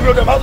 Pablo de Maduro.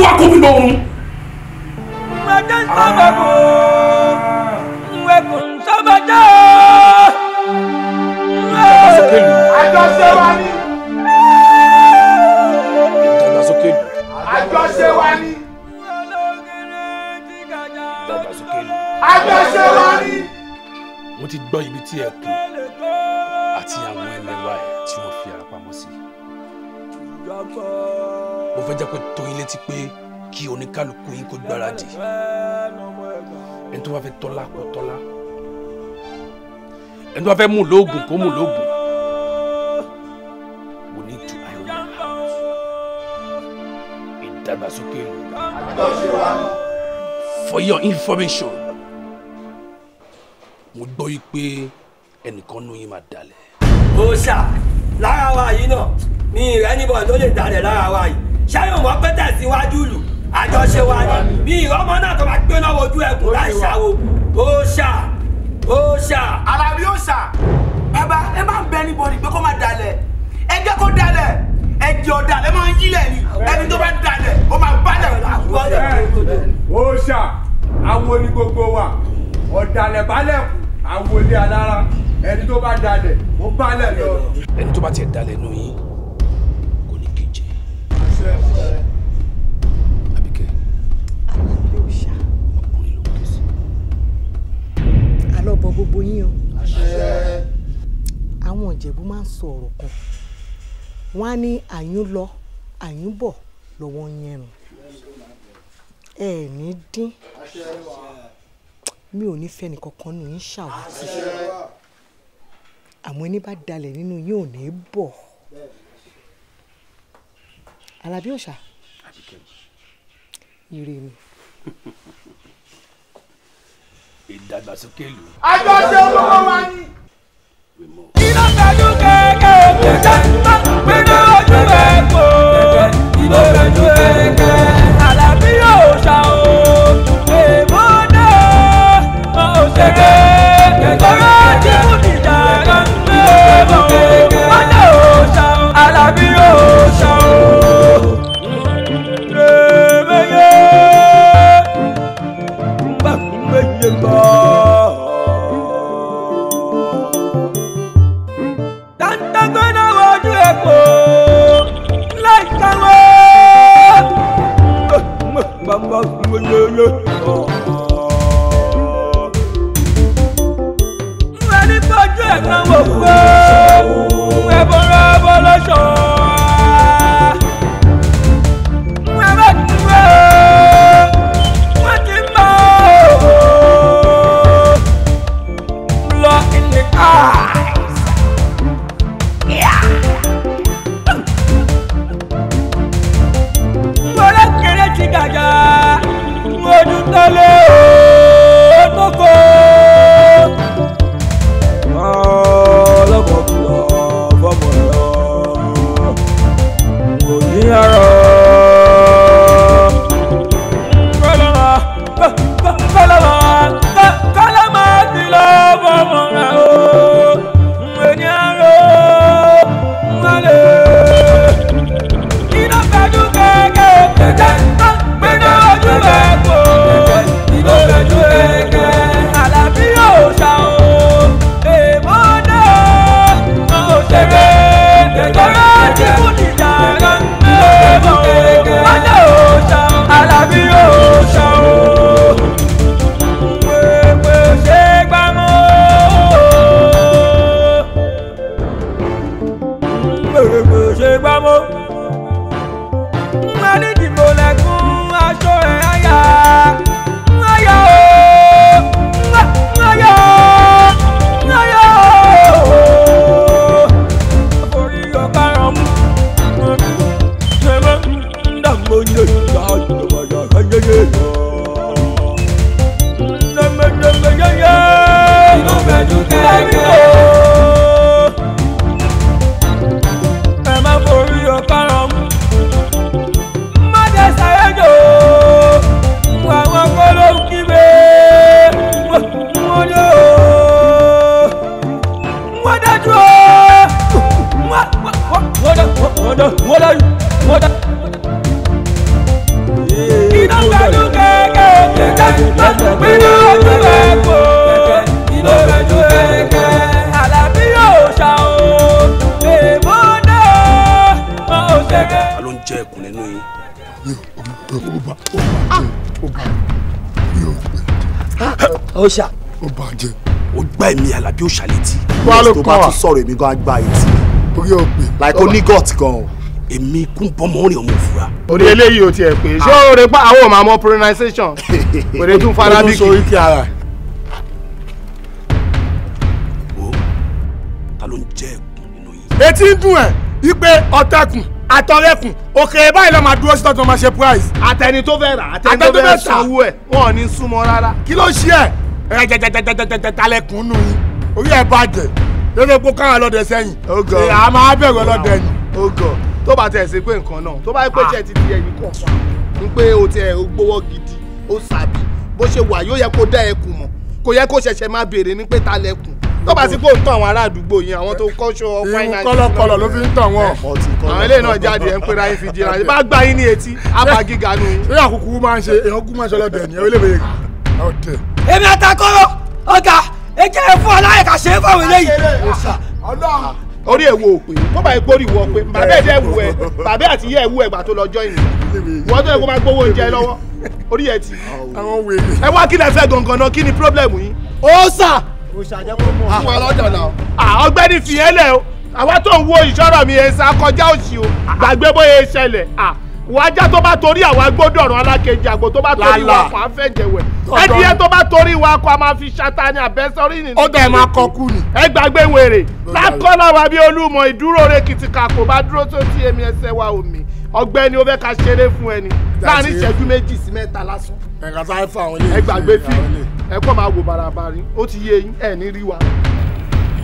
tó wá kó mi lọ òun. màdé sábà kò ìwé kò ń sábà jẹ́ o. àjọṣe wa ni. ìdàgbàsókè lù. àjọṣe wa ni. àjọṣe wa ni. mo ti gbọ́ ibi tí ẹ kù àti àwọn ẹlẹ́wà ẹ̀ tí wọ́n fi ara pamọ́ sí. ìjọba fẹ́ jẹ́ kó tó létí pé kí oníkálukú yín kó gbáradì ẹni tó bá fẹ́ tọ́lá kó tọ́lá ẹni tó bá fẹ́ mú lóògùn kó mú lóògùn we ìlú. for your information mo gbọ́ yí pé ẹnìkan nú yín máa dalẹ̀. ó ṣá lára wa yìí náà mi ìrẹ́nìbọn tó lè dalẹ̀ lára wa yìí ṣáyọ̀ wọ́n pẹ́ tẹ̀síwájú lù àjọṣe wa ni bí ọmọ náà tó bá gbé lọ́wọ́ ojú ẹkùn láì ṣàwò ó ṣà ó ṣà. alábí ó ṣà bàbá ẹ máa ń bẹ anybody pé kó máa dalẹ̀ ẹ jẹ́ kó dalẹ̀ ẹ jẹ́ ọ̀dà ẹ máa ń yílẹ̀ ni ẹni tó bá dalẹ̀ ó máa balẹ̀ ó ṣà àwọn oní gbogbo wa ọ̀dàlẹ̀ balẹ̀ kù àwọn olé alára ẹni tó bá dalẹ̀ ó balẹ̀ lọ. ẹni tó bá tiẹ̀ dalẹ̀ nù yín àlọ́ bọ gbogbo yín o. àwọn ìjẹ̀bú máa ń sọ ọ̀rọ̀ kan wọ́n á ní àyún lọ àyún bọ̀ lọ́wọ́ yẹn rùn ẹ ní dín mi ò ní fẹ́ nìkankan nù yín ṣàwùjọ àmọ́ ẹni bá dalẹ̀ nínú yín ò ní bọ̀ alábí òòṣà ire mi. ìdàgbàsókè ìlú. àjọṣe olówó wa ni. iná tajú kéékèèké jẹ́ pẹ̀lú ojú rẹ̀ kó. ìlú rẹ̀ ju tó bá tún sọ̀rọ̀ èmi gan agba etí orí ọ̀gbìn like onígọ̀t gan o èmi kún bọ́mọ orin ọmọ òfura. orí eléyìí ò tiẹ̀ pé ah. ṣé oore pa àwọn ọmọ àmọ́ pronunciation oore tún fara bí kì í. olùsọ ike ara. o ta ló ń jẹ́ ẹ̀kún nínú yìí. etí ń dùn ẹ̀ wípé ọ̀tẹ̀kùn àtọ̀rẹ́kùn òkè báyìí lọ́ọ́ máa dúró sí tọ́tún máa ṣe price. àtẹni tó fẹ́ rà àtẹni tó fẹ́ sanwó ẹ̀ wọn ò ní súnmọ́ rárá. kí ló ṣe ẹ̀ ẹ̀ jẹjẹjẹjẹjẹjẹjẹ talẹ̀kùn nù yín orí ẹ̀ bàjẹ́ lórí epo káwọn ọlọ́dẹ sẹ́yìn a máa bẹ̀rù ọlọ́dẹ ni tó bá tẹ̀ sí pé nǹkan náà tó bá pẹ́ ah. jẹ́ ti di ẹ̀yìn kan ń pé o tẹ o gbowó gidi o sàbí bó ṣe wà yóò yẹ kó dá ẹkùn mọ̀ kò yẹ kó ṣẹ̀ṣẹ̀ máa béèrè ní pé ta lẹkùn tó bá sí pé ó ń tàn àwọn ará àdúgbò yẹn àwọn tó kọ́ṣọ́ fáìnàlì. ìwọ ló fi ń tàn wọn. àwọn eléyìí náà ẹ jẹ́ fún aláyẹ̀ ká ṣe é fáwọn eléyìí. orí ẹ̀ wo òpè tó bá yẹ kórì wọ pé bàbá ẹ̀ dẹ́ wù ẹ̀ bàbá àti yẹ wù ẹ̀ gbà tó lọ jọ ìrìn wọ́n tó yẹ kó máa gbówó oúnjẹ lọ́wọ́ orí ẹ̀ ti. ẹ wá kí lẹ fẹ́ gangan náà kí ni pírọ́blẹ̀mù yín. ó sà. ọgbẹ́ni fìyẹ́lẹ̀ o àwa tó ń wo ìṣọ́rọ̀ mi ẹ̀ sá kọjá òṣì o gbàgbé bóyá ẹ ṣẹlẹ̀ ah wọ́n ajá tó bá torí àwọn agbódọ̀rùn alákejì àgbò tó bá torí wa kò á fẹ́ jẹ̀wẹ̀ ẹdìyẹ tó bá torí wa kò á máa fi ṣata ni àbẹ́sọ́rí nìyí. ó dẹ̀ máa kọ kú ni. ẹ gbàgbé wèrè lákọ́lá wa bí olúmọ ìdúró rẹ kìtìkà kò bá dúró tó ti èmi ẹsẹ̀ wa omi ọgbẹ́ni ó fẹ́ ka ṣeré fún ẹni láàrin ìṣẹ́jú méjì sí mẹ́ta lásán. ẹ̀ka tá a fà wọn lé. ẹ gbàgbé fíìmù ẹ kọ́ máa wò bàràbàrì ó ti yé yín ní rí wa.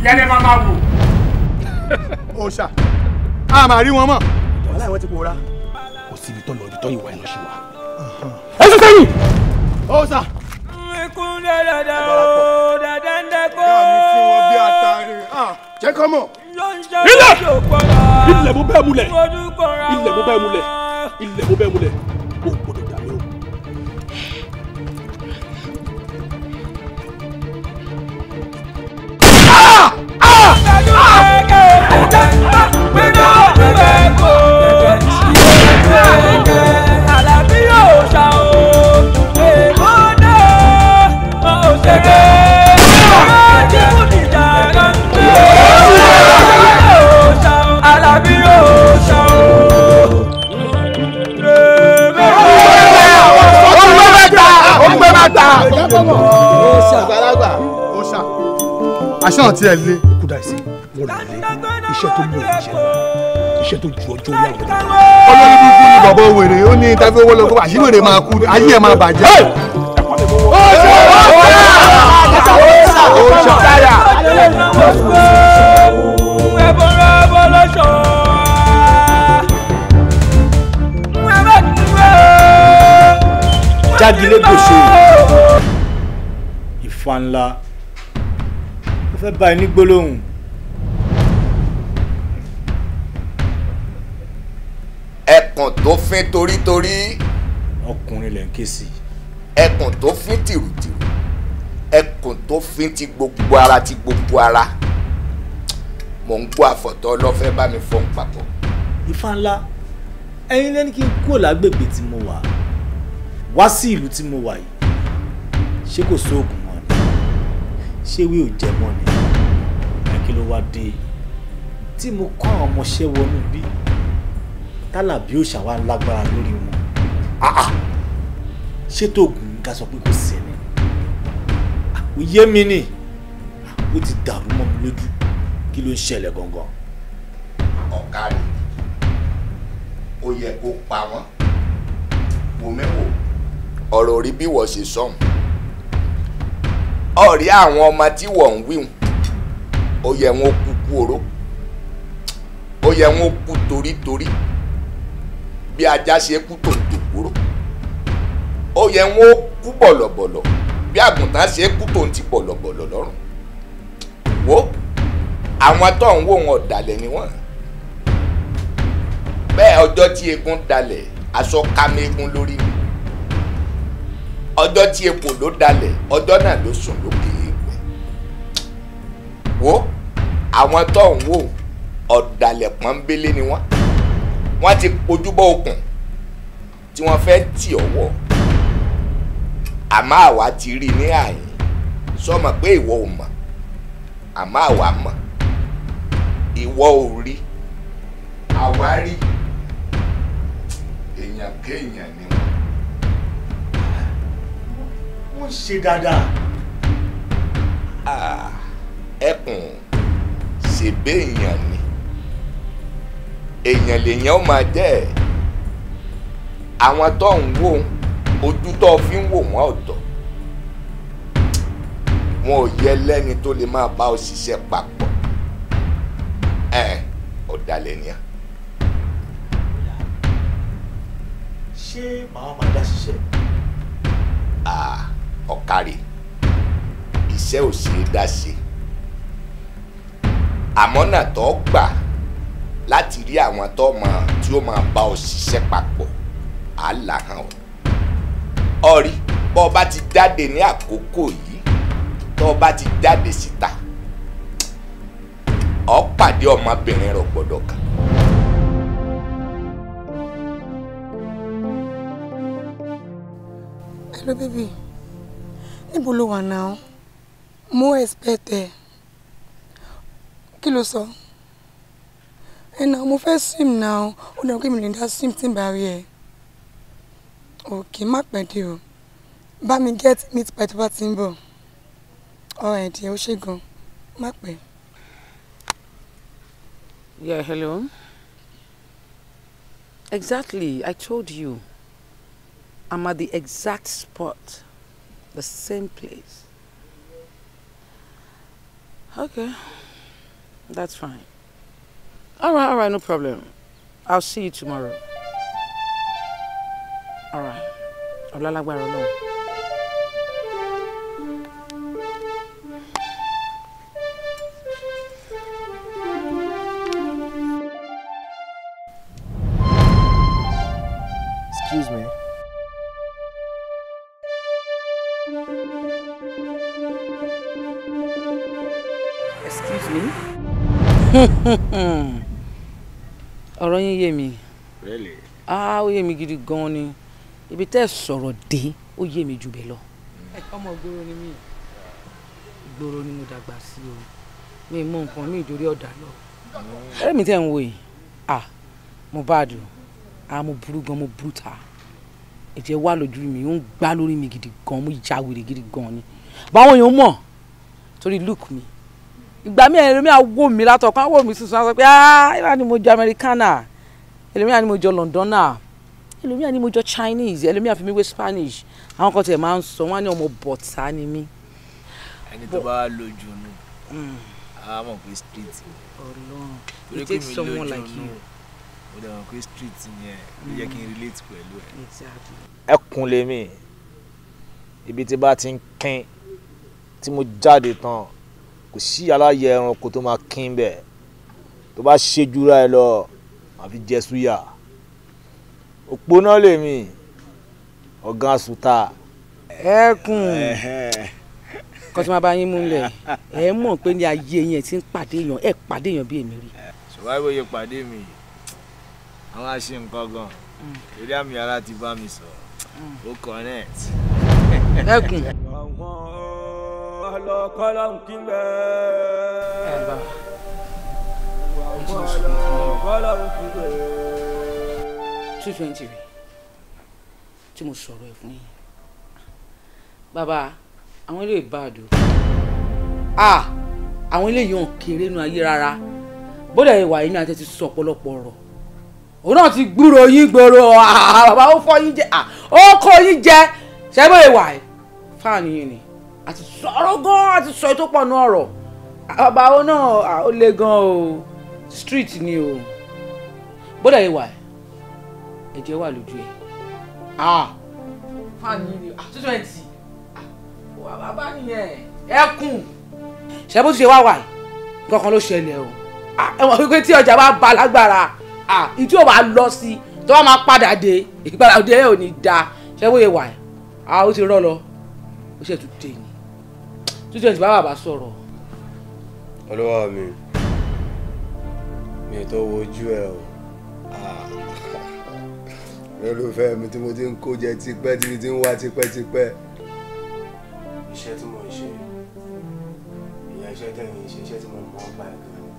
ìyẹn lè má máa wò. ó ṣà tó lọ ibi tó ìwà ẹ̀nà ṣe wà. ẹ sẹ́yìn. ó sà. ikún dada o dada ń dẹ́kọ́. jẹ́ kọ́ mọ̀. ilẹ̀ ilẹ̀ mo bẹ́ẹ̀ múlẹ̀ ilẹ̀ mo bẹ́ẹ̀ múlẹ̀ ilẹ̀ mo bẹ́ẹ̀ múlẹ̀ o gbọ́dọ̀ dà mí o. Ah! Ah! Ah! àgbàlagbà àgbàlagbà ọ̀ṣà. àṣà àti ẹ̀ lé. kúdà sí mo rà lé iṣẹ́ tó mú ìṣẹ́ iṣẹ́ tó ju ọjọ́ orí àwọn ọ̀dọ́. olórí bíbí ni bàbá òwèrè ó ní tàbí owó lọ́kọ́ àṣìwèrè máa kú ayé ẹ̀ máa bàjẹ́. ọ̀ṣà ọ̀ṣà ọ̀ṣà ọ̀ṣà. jágilé gbòṣe ìfà ńlá ó fẹ́ bá ẹni gbólóhùn. ẹkùn tó fín torítorí. ọkùnrin lè ń ké sí. ẹkùn tó fín tìrùtìrù ẹkùn tó fín ti gbogbo ara ti gbogbo ara mò ń kó àfọ̀tọ́ ọlọ́fẹ́ bá mi fọ́n papọ̀. ìfà ńlá ẹ̀yin lẹ́ni kí n kúrò lágbègbè tí mo wà wá sí ìlú tí mo wà yìí ṣé kò sóògùn mọ́ ni ṣé wí ò jẹ mọ́ ni kí ló wá dé tí mo kọ́ àwọn ọmọọṣẹ́ wọnú bí tálàbí òòṣà wa lágbára lórí wọn ṣé tó ògùn ká sọ pé kò sí ẹni yé mi ni ó ti dàrú mọ́ mi lójú kí ló ń ṣẹlẹ̀ gangan. ọ̀gá rẹ̀ ó yẹ kó pa wọ́n wò mẹ́wòó ọ̀rọ̀ rí bí wọ́n ṣe sọ̀hún ọ̀rí àwọn ọmọ tí wọ́n ń wíhun ó yẹ wọn kú kú oró ó yẹ wọn kú torítorí bí ajá ṣe kú tòǹtò kúrò ó yẹ wọn kú bọ̀lọ̀bọ̀lọ̀ bí àgùntàn ṣe kú tòǹtì bọ̀lọ̀bọ̀lọ̀ lọ́rùn wo àwọn tó ń wò wọn ọ̀dàlẹ̀ ni wọ́n bẹ́ẹ̀ ọjọ́ tí eégún dalẹ̀ aṣọ ká lórí ni ọjọ́ tí epo ló dalẹ̀ ọjọ́ náà ló sùn lókè egbẹ́ wo àwọn tó ń wò ọ̀dàlẹ̀ pọ́nbélé ni wọ́n wọ́n ti pojúbọ́ okùn tí wọ́n fẹ́ tì ọwọ́ àmọ́ àwa ti rí ní àyìn sọmọ pé ìwọ ò mọ̀ àmọ́ àwa mọ̀ ìwọ ò rí àwa rí èèyàn kéèyàn ń ṣe dáadáa. Ah, ẹkùn ṣèbé èèyàn ni èèyàn lèèyàn ó máa jẹ́ ẹ̀ àwọn tó ń wò ojú tó fi ń wò wọ́n ọ̀dọ̀ wọn ò yẹ lẹ́ni tó lè máa bá ọ ṣiṣẹ́ papọ̀ ẹ̀ ọ̀dàlẹ̀ ni ṣé màá máa dá ṣiṣẹ́. ah ọ̀kàrẹ̀ iṣẹ́ ò ṣe é dá ṣe àmọ́nà tó gbà láti rí àwọn tó mọ tí ó máa bá ọ ṣiṣẹ́ papọ̀ á là hàn ọ́ ọ̀rí bọ́ ọ bá ti jáde ní àkókò yìí tọ́ ọ bá ti jáde síta ọ pàdé ọmọbìnrin rọ̀gbọ̀dọ̀ kan. Hello, baby níbo ló wà náà mo expect ẹ kí ló sọ ẹ mo fẹ́ swim náà ó dàbí pé mi lè dá swim tí n bá rí ẹ òkè má pẹ́ o bá mi get meat pie tó bá ti ń bọ̀ ọ̀rọ̀ ẹ̀ díẹ̀ ó ṣe gan má pẹ́. Yeah, hello. Exactly, I told you. I'm at the exact spot the same place. Okay, that's fine. All right, all right, no problem. I'll see you tomorrow. All Hmm. ọ̀rọ̀ yín yé mi ah ó yé mi gidi gan-an ni ibi tẹ́ ẹ sọ̀rọ̀ dé ó yé mi jù bẹ́ẹ̀ lọ. ọmọ ìgboro ni mí ìgboro ni mo dàgbà sí o mi mú nǹkan mi ìdórí ọ̀dà lọ. ẹ̀rẹ́ mi tẹ́ ń wò yìí ah mo bá a dùn ah mo burú gan mo burú ta ẹ̀jẹ̀ wà lójú mi ó ń gbá lórí mi gidi gan mo ya wèrè gidi gan ni báwọn èèyàn mọ̀ torí look mi ìgbà mi ẹlòmíì mi látọkàn àwò mi sísun sọ pé ah ẹlòmíì ni mo jọ americana ẹlòmíì ni mo jọ londona ẹlòmíì ni mo jọ chinese ẹlòmíì àfi mi wé spanish àwọn kan tiẹ̀ máa ń sọ wọn ní ọmọ bọ̀tá ni mí. ẹni tó bá lójú nù a mọ̀ pé street. ọlọ́run it takes someone like you. mo dẹ̀ mọ̀ pé street yẹn ló yẹ kí n relate pẹ̀lú ẹ. ẹkùn lèmi ibi tí bá ti ń kín tí mo jáde tán kò sí aláyẹ ẹranko tó máa kín bẹ́ẹ̀ tó bá ṣe jura ẹ lọ àfi jẹ súyà òpónà lèmi ọ̀gá sùtà. ẹkùn kọ́ tí wọ́n bá yín mú lẹ̀ ẹ mọ̀ pé ní ayé yẹn ti ń pàdé èèyàn ẹ pàdé èèyàn bí èmi rí. ṣùgbọ́n ìwòye pàdé mi àwọn àṣe nǹkan gan mm. eré àmì ara ti bá mi sọ mm. ó connect. ẹkùn two twenty rẹ̀ tí mo sọ̀rọ̀ ẹ̀ fún yín bàbá àwọn ilé ìbàdó àwọn ilé yìí ò kéré nu ayé rárá bóde ìwà yìí ni àti ti sọ ọ̀pọ̀lọpọ̀ ọ̀rọ̀ òun náà ti gbúrò yín gbòòrò bàbá ó fọ́ yín jẹ ó kó yín jẹ ṣẹ́gbẹ́ ìwà ẹ̀ fáàní yìí ni a ti sọ̀rọ̀ gan a ti sọ ètò pọ̀ nù ọ̀rọ̀ ọba ó náà ó le gan o street ni o bódà yìí wà ẹ̀jẹ̀ wà lójú ẹ̀ fáàní ni two twenty wà bàbá nìyẹn ẹkùn. ṣe bó ti ṣe wá wà nǹkan kan ló ṣẹlẹ̀ o ẹ̀wọ̀n wípé tí ọjà bá ba lágbára ìtú ò bá lọ sí tó bá máa padà dé ìgbàlódé ẹ̀ ò ní da ṣe bó ṣe wà á ó ti rọ́ lọ ó ṣètò dé ni tó jẹ́ ti bá bàbá sọ̀rọ̀. olówó mi mi tó wojú ẹ o lólùfẹ́ mi tí mo ti ń kó jẹ tipẹ́ tí mi ti ń wá tipẹ́tipẹ́ iṣẹ́ tí mo ń ṣe ìyá iṣẹ́ tẹ̀yìn ṣe iṣẹ́ tí mo mọ̀ ọ́ pa ẹ̀gbẹ́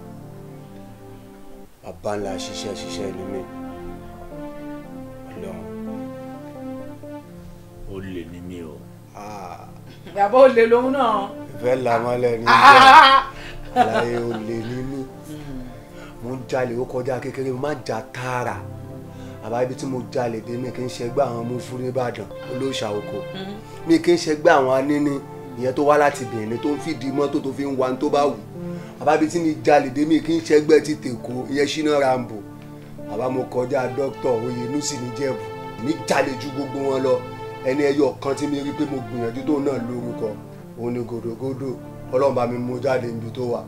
bàbá ńlá ṣiṣẹ́ ṣiṣẹ́ ni mí ó lè ní mí o. Ah. bàbá ó lè lóhun náà fẹ́ lamọ́lẹ̀ ní ìjà àlàyé olè ní mí mo ń jalè ó kọjá kékeré mo máa ń jà tààrà àbá ibi tí mo jalè dé mi kì í ṣẹgbẹ́ àwọn mufuru Ìbàdàn olóòṣà oko mi kì í ṣẹgbẹ́ àwọn anínì ìyẹn tó wá láti Benin tó ń fìdí mọ́tò tó fi ń wa tó bá wù àbá ibi tí mi jalè dé mi kì í ṣẹgbẹ́ ti tèkó ìyẹn Ṣínà Rambo àbá mo kọjá dókítà Oyènúsì níjẹ̀bù mi jalè ju gbogbo wọn lọ ẹni ẹyọ kan tí mi rí pé mo gbìyànjú tóun náà lórúkọ òun ni gòdògòdò ọlọ́run bá mi mú jáde níbi tó wà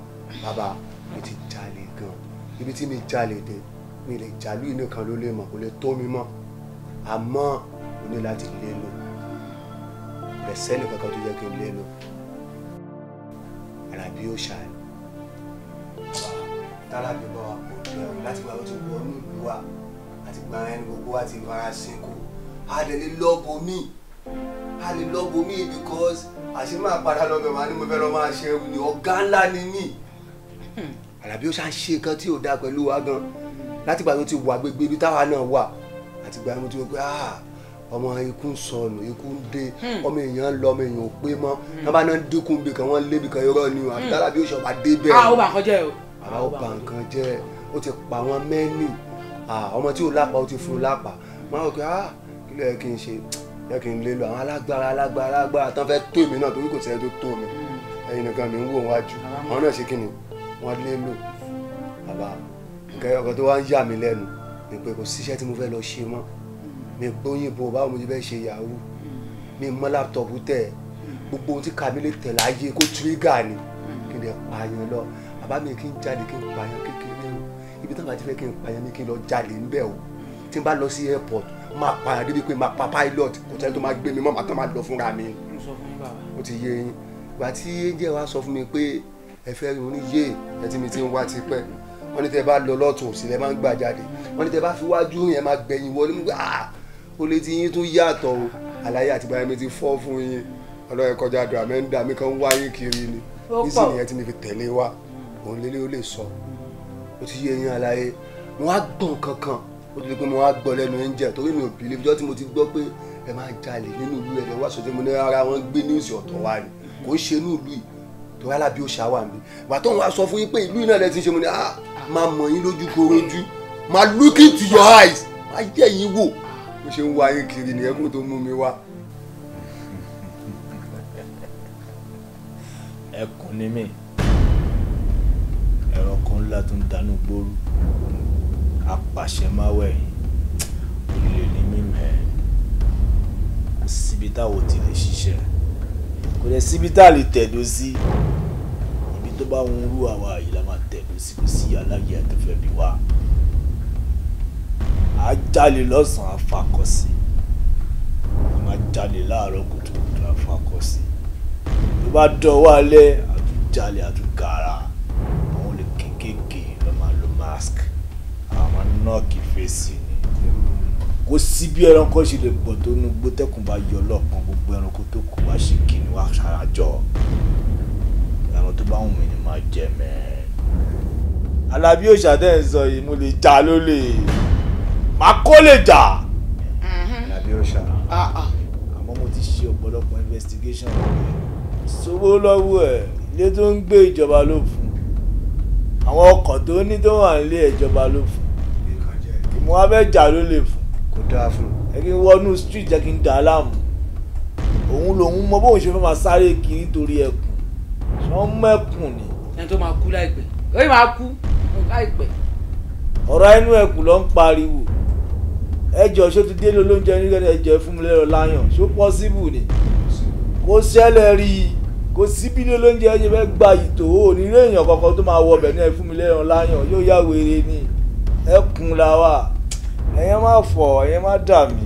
bàbá mo ti jalè gan ibi tí mi jalè dé mi lè jálù inú kan ló lè mọ̀ kó lè tó mi mọ́ àmọ́ mo ní láti lé lò rẹ̀ sẹ́ni kankan tó yẹ kí n lé lò àràbí ó ṣàlù tálà bí bọ́ òkèèrè láti gba ọtí wọ ní ìlú wa àti gba ẹni gbogbo wa ti kù á dẹ̀ lé lọ́bọ̀ míì a lè lọ because àṣì máa padà lọ bẹ̀rẹ̀ wá ní mo fẹ́ lọ máa ṣe ẹrù ni ọ̀gá ńlá ni mí. Hmm. àlàbí ó ṣáà ń ṣe nǹkan tí ò dáa pẹ̀lú wa gan láti ìgbà tó ti wà gbégbé ibi táwa náà wà àti ìgbà mo ti wọ pé ah, ọmọ ikú ń sọnù ikú ń dé hmm. ọmọ èèyàn ń lọ ọmọ èèyàn ò pé mọ́ hmm. náà bá náà dínkù bìkan wọ́n lé bìkan irọ́ ni o àti tálábí ó ṣọ̀bà dé bẹ́ẹ̀. àwọn ah, ò bà o. àwọn ò bà nǹkan ti pa wọn mẹ́nì ah, ọmọ tí ò lápá ó ti fún un lápá máa wọ pé kí ló yẹ kí n ṣe jẹ́ kí n lè lọ àwọn alágbára alágbára alágbára tán fẹ́ tó èmi náà torí kò sẹ́ni tó tó mi ẹ̀yin nìkan mi ń wò wájú àwọn náà ṣe kí ni wọ́n lé lò bàbá nǹkan ọkọ tó wá ń yà mí lẹ́nu ni pé kò síṣẹ́ tí mo fẹ́ lọ ṣe mọ́ mi gbóyìnbó báwo mo ti fẹ́ ṣe yahoo mi mọ́ láptọ̀pù tẹ̀ gbogbo ohun tí kàmílẹ̀ tẹ̀ láyé kó tírígà ni kí n lè pààyàn lọ bàbá mi kí n jáde kí n pààyàn kékeré o ibi táwọn àti fẹ́ kí n pààyàn ni kí n lọ jáde ńbẹ̀ o tí n bá lọ sí airport máa pààyàn débi pé máa pa pilot kò tẹ́lẹ̀ tó máa gbé mi mọ́ màá tán máa lọ fúnra mi. mo ti yé yín ìgbà tí angel wa sọ fún mi pé ẹ fẹ́ rí orin yé ẹ tí mi ti ń wá tipẹ́ wọ́n ní tẹ́ bá lọ lọ́tún òsì lẹ́ máa ń gbà jáde wọ́n ní tẹ́ bá fi wájú yẹn máa gbẹ̀yìn wọlé mú ah o lè ti yín tún yàtọ̀ o àlàyé àtìgbà yẹn mi ti fọ́ fún yín ọlọ́yẹ kọjá àdúrà mẹ́ńdà mi kan wáyé kiri ni nísìnyí yẹn tí mi fi tẹ̀lé wa òun lélẹ́ ó lè sọ o ti yé yín àlàyé wọ́n á gbọ̀n kankan ó ti di pé mo wá gbọ́ lẹ́nu angel torí mi ò believe jọ́ tí mo ti gbọ́ pé ẹ máa jalè nínú ìlú ẹ̀rẹ̀ wá sọ pé mo ní rárá wọn gbé níwùsì ọ̀tọ̀ wa ni kò ṣe inú ìlú yìí torí alábí ó ṣàwà mi bàtà òun wá sọ fún yín pé ìlú iná rẹ̀ ti ṣe mo ní ah máa mọ̀ yín lójú korojú máa look into your eyes máa yẹ̀ yín wò bó ṣe ń wá yín kiri nìyẹn kó tó mú mi wá. ẹkùn ni mí ẹranko ńlá tó ń danú apàṣẹmáwẹ̀ olè ní mímẹ́ kò síbi táwọn ti lè ṣiṣẹ́ kò lè síbi tá lè tẹ̀dó sí ibi tó bá wọn rú àwa yìí la máa tẹ̀dó sí kò sí aláyé àtẹ̀fẹ́ bí wa à jalè lọ́sàn-án afakọ̀sí a máa jalè láàárọ̀ kùtùkùtù afakọ̀sí tó bá dọ̀wọ́ alẹ́ àtúnjalè àtúngàrà àwọn olè kéékèèké ló máa lo mask nọ́ọ̀kì fèsì kò sí bí ẹranko ṣe lè pọ̀ tó nu gbótẹ́kùn bá yọ lọ́ọ̀kan gbogbo ẹranko tó kù wá ṣe kí ni wá ṣàràjọ ẹran tó bá wù mí ni máa jẹ mẹ́ẹ̀. alábí òṣà tẹ́ ń sọ yìí mo lè jà lólè máa kó lè jà. Mm-hmm. alábí òṣà àmọ́ mo ti ṣe ọ̀pọ̀lọpọ̀ investigation rẹ̀ sówó lọ́wọ́ ẹ̀ ilé tó ń gbé ìjọba ló fún àwọn ọkọ̀ tó ní tó wà nílé ìjọba ló fún mo wá fẹ́ jà ló lè fún. kò dáa fún un. ẹ kí n wọnú street jẹ́ kí n dà á láàmú òun lòun mọ bóun ṣe fẹ́ máa sáré kiri torí ẹkùn wọ́n mẹ́kùn ni. ẹni tó máa kú láìpẹ́ ó yìí máa kú láìpẹ́. ọ̀rọ̀ inú ẹkùn ló ń pariwo ẹjọ́ ṣó ti dé lóúnjẹ nígbà ẹjọ́ fún mi lẹ́rọ láyàn ṣó pọ́síbù ni kò ṣẹlẹ̀ rí i kò síbi ní olóúnjẹ ẹ ṣe fẹ́ gba ìtò onírèèyàn kankan tó máa wọ ọbẹ̀ ní ẹ fún mi lẹ́rọ láyàn yóò yá wèrè ni ẹkùn la wà ẹ̀yẹn má fọ̀ ẹ̀yẹn má dà mí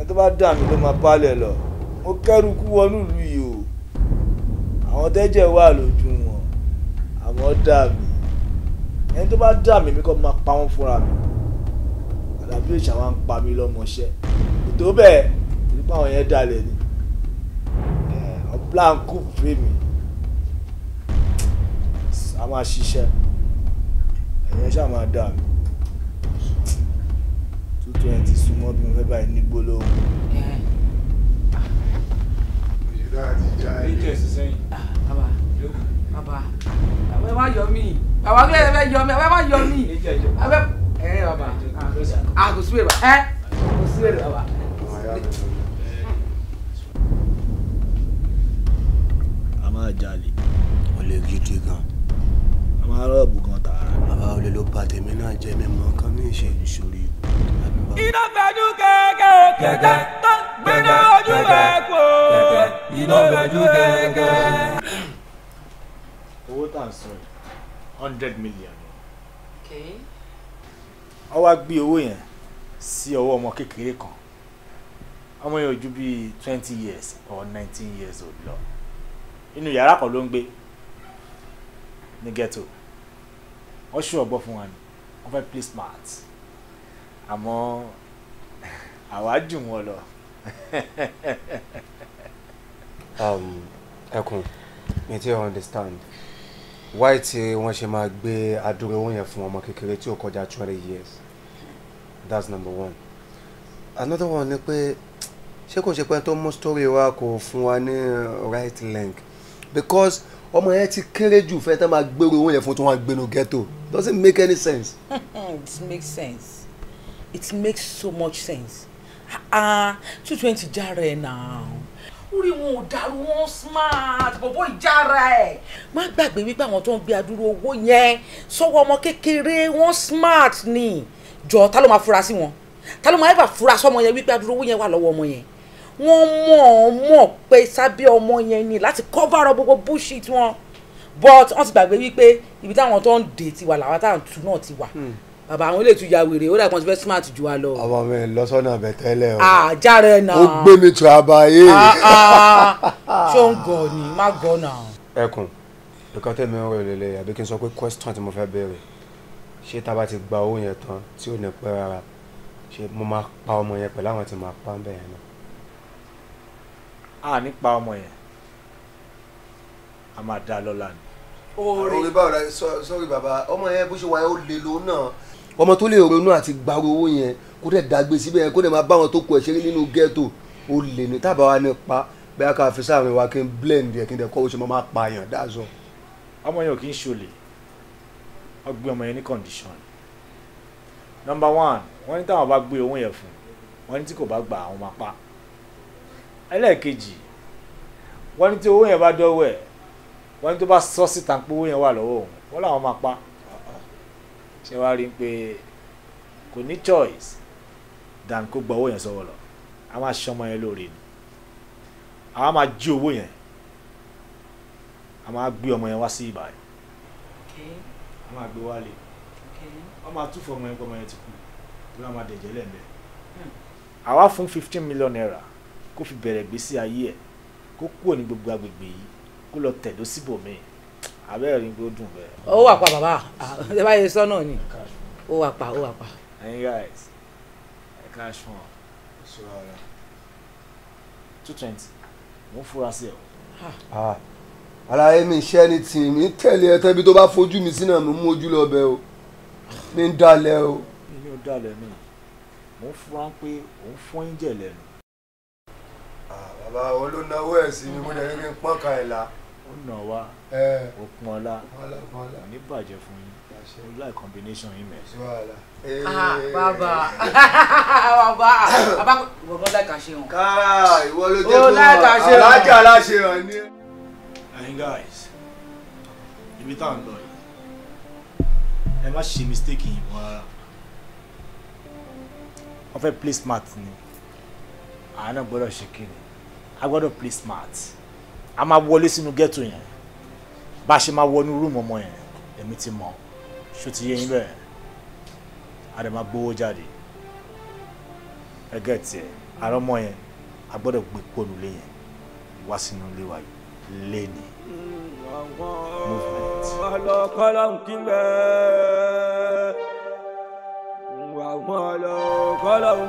ẹ̀ tó bá dà mí ló máa balẹ̀ lọ mo kẹ́rù kú wọnú ìlú yìí o àwọn tẹ́jẹ̀ wà lójú wọn àmọ́ dà mí ẹni tó bá dà mí mi kọ́ máa pa wọ́n fúnra mi àdàbí òṣà máa ń pa mí lọ́mọṣẹ́ ètò bẹ́ẹ̀ nípa àwọn yẹn dalẹ̀ ni ọ̀bláǹkù pè mí a máa ṣiṣẹ́ ẹ̀yẹn ṣáà máa dà mí two twenty súnmọ́ bí mo fẹ́ báyìí ní gbólóhùn. Ah, bàbá ẹ má yọ mí bàbá kílẹ̀ ẹ fẹ́ yọ mí ẹ má yọ mí ẹ fẹ́ ẹ bàbá àgùsù ah, ẹ bàbá ẹ àgùsù ẹ bàbá. a máa jalè. olè gidi gan máa rọ̀bù gan tààrà. bàbá olè ló bà tèmi náà jẹ́ mímọ kan ní ìṣèlú sórí iná fẹjú kẹ̀kẹ́ o kẹ̀kẹ́ tó gbéná ojú bẹ kú o iná fẹjú kẹ̀kẹ́. owó tá à ń sọ yìí hundred million ni ọ wá gbé owó yẹn sí ọwọ́ ọmọ kékeré kan ọmọ yẹn ò ju bíi twenty years or nineteen years old lọ inú yàrá kan ló ń gbé ní ghetto wọ́n ṣú ọ̀bọ fún wa ni wọ́n fẹ́ play smart àmọ́ àwa jù wọ́n lọ. Um, ẹkùn mi ti understand why tí wọ́n ṣe máa gbé adúrú owó yẹn fún ọmọ kékeré tí ó kọjá twenty years that's number one another one ni pé ṣé kò ṣe pé tó mú story wa kò fún wa ní right link because ọmọ yẹn ti kéré jù fẹ́ tá máa gbèrò owó yẹn fún tí wọ́n á gbénu e ghetto doesn't make any sense. it makes sense it makes so much sense Ah, two twenty jára ẹ̀ náà orí wọn ò dàrú wọn smart bọ̀bọ̀ ìjára ẹ̀. má gbàgbé wípé àwọn tó ń gbé adúrú owó yẹn sọ́wọ́ ọmọ kékeré wọn smart ni jọ ta ló máa fura sí wọn ta ló máa ẹ̀fà fura sọ́mọ yẹn wípé adúrú owó yẹn wà lọ́wọ́ ọmọ yẹn wọ́n mọ̀ ọ́n mọ̀ pé sábẹ́ ọmọ yẹn ni láti cover up gbogbo bullshit wọn but wọ́n ti gbàgbé wípé ibi táwọn tó ń dè tiwa làwọn táwọn tù náà ti wà. Hmm bàbá àwọn olè tún ya wèrè ó dàgbọ́n ti fẹ́ smart ju wa lọ. ọmọ mi lọ bẹ̀ tẹ́lẹ̀ o. àjàre náà. ó gbé mi tu abayé. ṣó ń gọ̀ ni má gọ̀ náà. ẹkùn nǹkan tẹ̀mí ọ̀rọ̀ ìrẹ̀lẹ̀ àbí kí n sọ pé question tí mo fẹ́ béèrè ṣé tá a bá ti gba owó yẹn tán tí ò ní pẹ́ rárá ṣé mo máa pa ọmọ yẹn pẹ̀lú àwọn tí mo máa pa ń bẹ̀ yẹn náà. a ní pa ọmọ yẹn a máa dá lọ́la ni. oore oore báwo la sọ sọ́ọ́rì bàbá ọmọ yẹn bó ṣe wáyé ó le lòun náà ọmọ tó lè ronú àti gbàrú owó yẹn kó dẹ̀ dàgbé síbẹ̀ kó dẹ̀ máa bá wọn tó kù ẹ̀ ṣeré nínú ghetto ó lè ní tábà wa nípa bẹ́ẹ̀ ká fi sáàrin wa kí n blend yẹ kí n dẹ̀ kọ́ oṣù mọ́ máa pa yàn dáàzọ́. ọmọ yẹn ò kí ń ṣolè wọ́n gbé ọmọ yẹn ní condition number one wọ́n ní táwọn bá gbé owó yẹn fún wọ́n ní tí kò bá gbà àwọn máa pa ẹlẹ́ẹ̀kejì wọ́n ní tí owó yẹn bá dọ́wọ́ ẹ̀ wọ́n ní tó bá sọ síta pé owó yẹn wà lọ́wọ́ òun wọ́n làwọn máa pa ṣé wàá rí i pé kò ní choice dan kó gba owó yẹn sọ́wọ́ lọ a máa ṣọmọ yẹn lóore ni a máa jí owó yẹn a máa gbé ọmọ yẹn wá sí ìbàdàn a máa gbé wálé wọ́n máa tún fọmọ yẹn pọ̀ ọmọ yẹn ti kú bí wọ́n máa dẹ̀jẹ̀ lẹ́ẹ̀mẹ́. Hmm. àwa fún fifteen million naira kó fi bẹ̀rẹ̀ gbèsè ayé ẹ̀ kó kúrò ní gbogbo agbègbè yìí kó lọ tẹ̀dó síbòmíì abẹ́rẹ́ rí pé ó dùn bẹ́ẹ̀. ó wà pa bàbá ẹ bá yẹ sọ ni ó wà pa ó wà pa. ẹyin guys ẹ ká aṣọ wọn ṣọ ara two twenty mo fura sí ẹ. àlàyé mi ṣe ni tì mí tẹ̀lé ẹ tẹ́bi tó bá fojú mi sínú àmì mú ojú lọ bẹ́ẹ̀ o mi ń dalẹ̀ o. mi ò dalẹ̀ mi mo fura pé òun fún ẹ̀jẹ̀ lẹ́nu. Ah, bàbá olóńgbò ẹ̀ sí mi mo jẹ́ kí n pọ́n ka ẹ̀ la ó nà wá ó pọn ọlá ní bàjẹ́ fún yín ó láì combination yín mẹ́. Ah, bàbá bàbá bàbá ìwọ láìka ṣe hàn. ká ìwọ ló jẹ́ kó mọ alájà aláṣẹ hàn ni. ẹ̀yin guys ibi tá à ń lọ yìí ẹ má ṣe mistake yìí mọ́ rárá wọ́n fẹ́ play smart ni àánú gbọ́dọ̀ ṣe kí ni a gbọ́dọ̀ play smart a máa wọlé sínú ghetto yẹn bá a ṣe máa wọnú rúùmù ọmọ yẹn èmi ti mọ̀ ṣó ti yé yín bẹ́ẹ̀ a dẹ̀ máa gbowó jáde ẹ gẹ́ tiẹ̀ ara ọmọ yẹn a gbọ́dọ̀ gbé kóònù lé yẹn wá sínú ilé wa lé ní movement. ọlọ́kọ́lọ́ ń kí bẹ́ẹ̀ àwọn ọlọ́kọ́lọ́ ń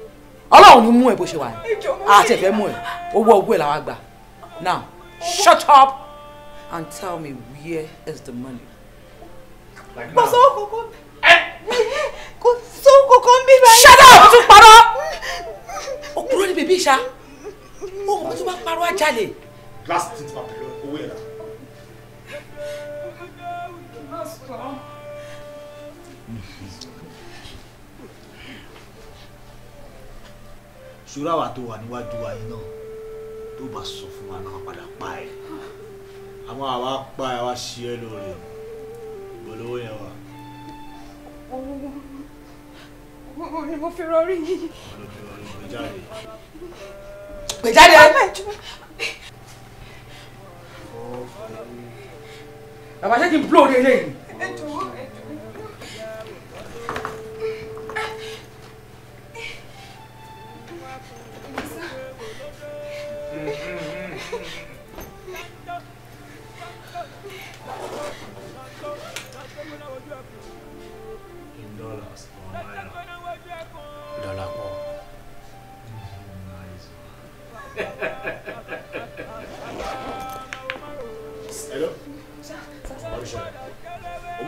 ọlọ́run ni mú ẹ bó ṣe wà ní àti ẹ̀fẹ́ mú ẹ owó ọgbó ẹ làwọn gbà now shut up and tell me where is the money. kò sówó kòkó eh! kò sówó kòkó ń bí báyìí. shut up o tún parọ́ o kúrò ní bèbí ìṣá o kò tún bá parọ́ ajá lè. last thing to my parents owó yẹn náà. ṣùgbọ́n àwa tó wà níwájú wa yìí náà tó bá sọ fún wa náà padà pa ẹ̀ àmọ́ àwa pa ẹ̀ wá ṣe ẹ́ lóore ìbòlówó yẹn wà. owó ni mo fi rọrí yìí. mo jáde. pé jáde. bàbá ṣé kí n blow de eléyìí.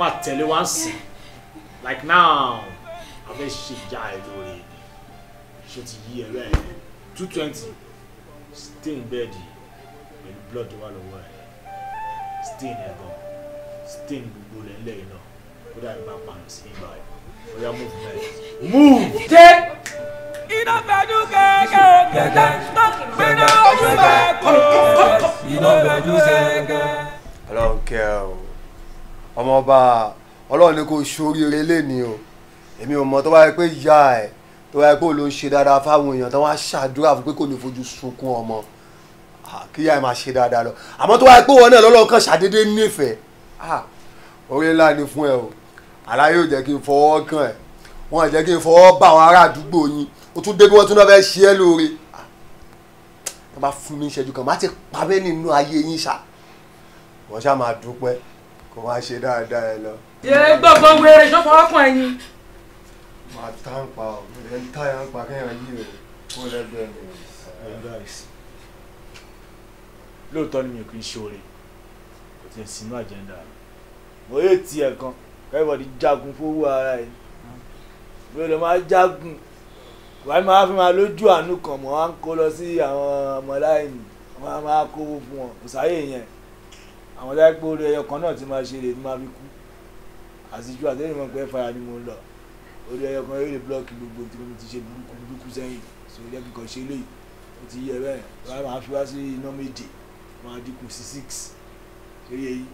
máa tẹ̀lé wá sí like now a fẹ́ ṣe ìjà ẹ̀rọ rẹ̀ ṣe ti yí ẹ̀rọ ẹ̀ two twenty stain bẹ́ẹ̀dì pẹ̀lú blood wà lọ́wọ́ ẹ̀ stain ẹ̀ gan stain gbogbo rẹ̀ ńlẹ̀ yìí náà kódà ẹ̀ máa pààyàn sí ibà ẹ̀ ọ̀yà move mẹ́ move. ṣé iná fẹ́jú kẹ́kẹ́ gbẹ̀dẹ̀ ojú bẹ́ẹ̀ kọ́ iná fẹ́jú kẹ́kẹ́. ọlọ́run kẹ́ ọ ọmọọba ọlọ́run ní kò ṣoríire lẹ́ni o èmi ò mọ̀ tó bá yẹ pé ìyá ẹ̀ tó bá yẹ pé òun ṣe dáadáa fáwọn èèyàn tó wá ṣàdúrà fún pé kò ní fojú sunkún ọmọ kí ìyá ẹ̀ máa ṣe dáadáa lọ àmọ́ tó bá yẹ pé òun náà lọ́lọ́run kan ṣàdédé nífẹ̀ẹ́ orí ńlá ni fún ẹ o aláyé ò jẹ́ kí n fọwọ́ kàn ẹ̀ wọn ò jẹ́ kí n fọwọ́ bá àwọn ará àdúgbò yín o tún dé bí wọ́n tún náà fẹ́ ṣe é lóore wọ́n bá fún mi ìṣẹ́jú kan má ti pa nínú ayé yín ṣá wọ́n ṣá máa dúpẹ́ kò wá ṣe dáadáa ẹ lọ. ṣé gbọ́ngàn wèrè tó fọwọ́ kàn ẹyin. máa tá ń pa ọ ẹ ń tá yàn pa kéèyàn yí o kó lẹ́gbẹ̀ẹ́ mi. lóòótọ́ ni mi ò kì í ṣe oore kò tiẹ̀ sínú àjẹ́ńdà rẹ̀ mo yé tiẹ̀ kan everybody jagun fowó ara ẹ̀ mi ò lè máa jagun wàá máa fi máa lójú àánú kan mọ̀ wá ń kó lọ sí àwọn ọmọláyìn wọ́n máa kówó fún wọn kò yẹn àwọn dáa pé orí ẹyọ kan náà ti máa ṣe lè máa fi kú àtijọ́ àtẹ́yìn mọ̀ pé fara ni mo ń lọ orí ẹyọ kan yóò lè blọ́ọ̀kì gbogbo tí mo ti ṣe burúkú burúkú sẹ́yìn sórí jẹ́ kíkan ṣe léyìí ó ti yẹ bẹ́ẹ̀ wọ́n máa fi wá sí iná méje máa dínkù sí six ṣé yẹ yìí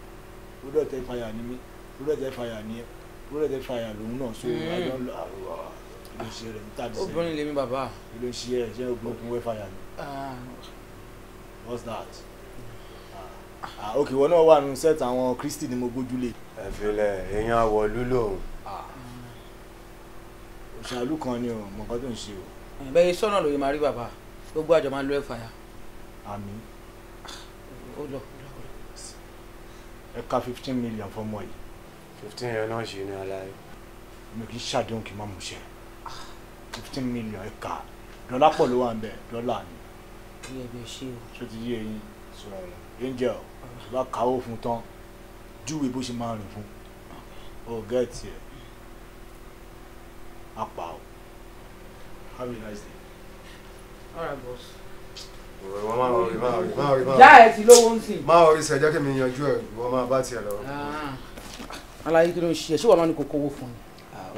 rúdọ̀ tẹ fàyà ni mí rúdọ̀ tẹ fàyà ni ẹ rúdọ̀ tẹ fàyà lòun náà so àjọ ń lọ àwòrán ló ń ṣe rẹ̀ níta bí sẹ́yìn obìnrin lèmi bàbá ló ń ṣe ẹ̀ ṣé okùn okùn wẹ́ fàyà ni ah. what's that òkè ah, ìwọ náà wà nù sẹ́ẹ̀tì àwọn kristi ni mo gbójúlé. ẹ filẹ̀ èèyàn àwọ̀ lúlò. Ah. òṣàlù kan ni o mọ̀ nǹkan tó ń ṣe o. bẹ́ẹ̀ sọ́nà lóye máa rí bàbá gbogbo àjọ máa ń lo ẹ̀fà ya. àmín. ó lọ ẹ ká fifteen million fọmọ yìí. fifteen yẹn náà ṣe ní aláyé. mi kì í ṣàdéhùn kí n má mú ṣe fifteen million ẹ ká dọ́là pọ̀ ló wà ń bẹ̀ dọ́là ni. iye bẹ́ẹ̀ ṣe o. ṣé ti yé eyín sọ̀rọ̀ angel tó bá káwó fún tán júwe bó ṣe máa rìn o gẹ́ẹ̀tì ẹ̀ á pa o. have a nice day. all right boss. Wọ́n máa wọrí máa wọrí máa wọrí máa wọrí. Jáà ẹ ti lówó ń sìn. Máa wọrí sẹ́jọ́ kí mi yanjú ẹ̀ wọ́n máa bá tiẹ̀ lọ. Ah. Aláyé kí ló ń ṣe ṣé wàá máa ní kókó owó fún mi.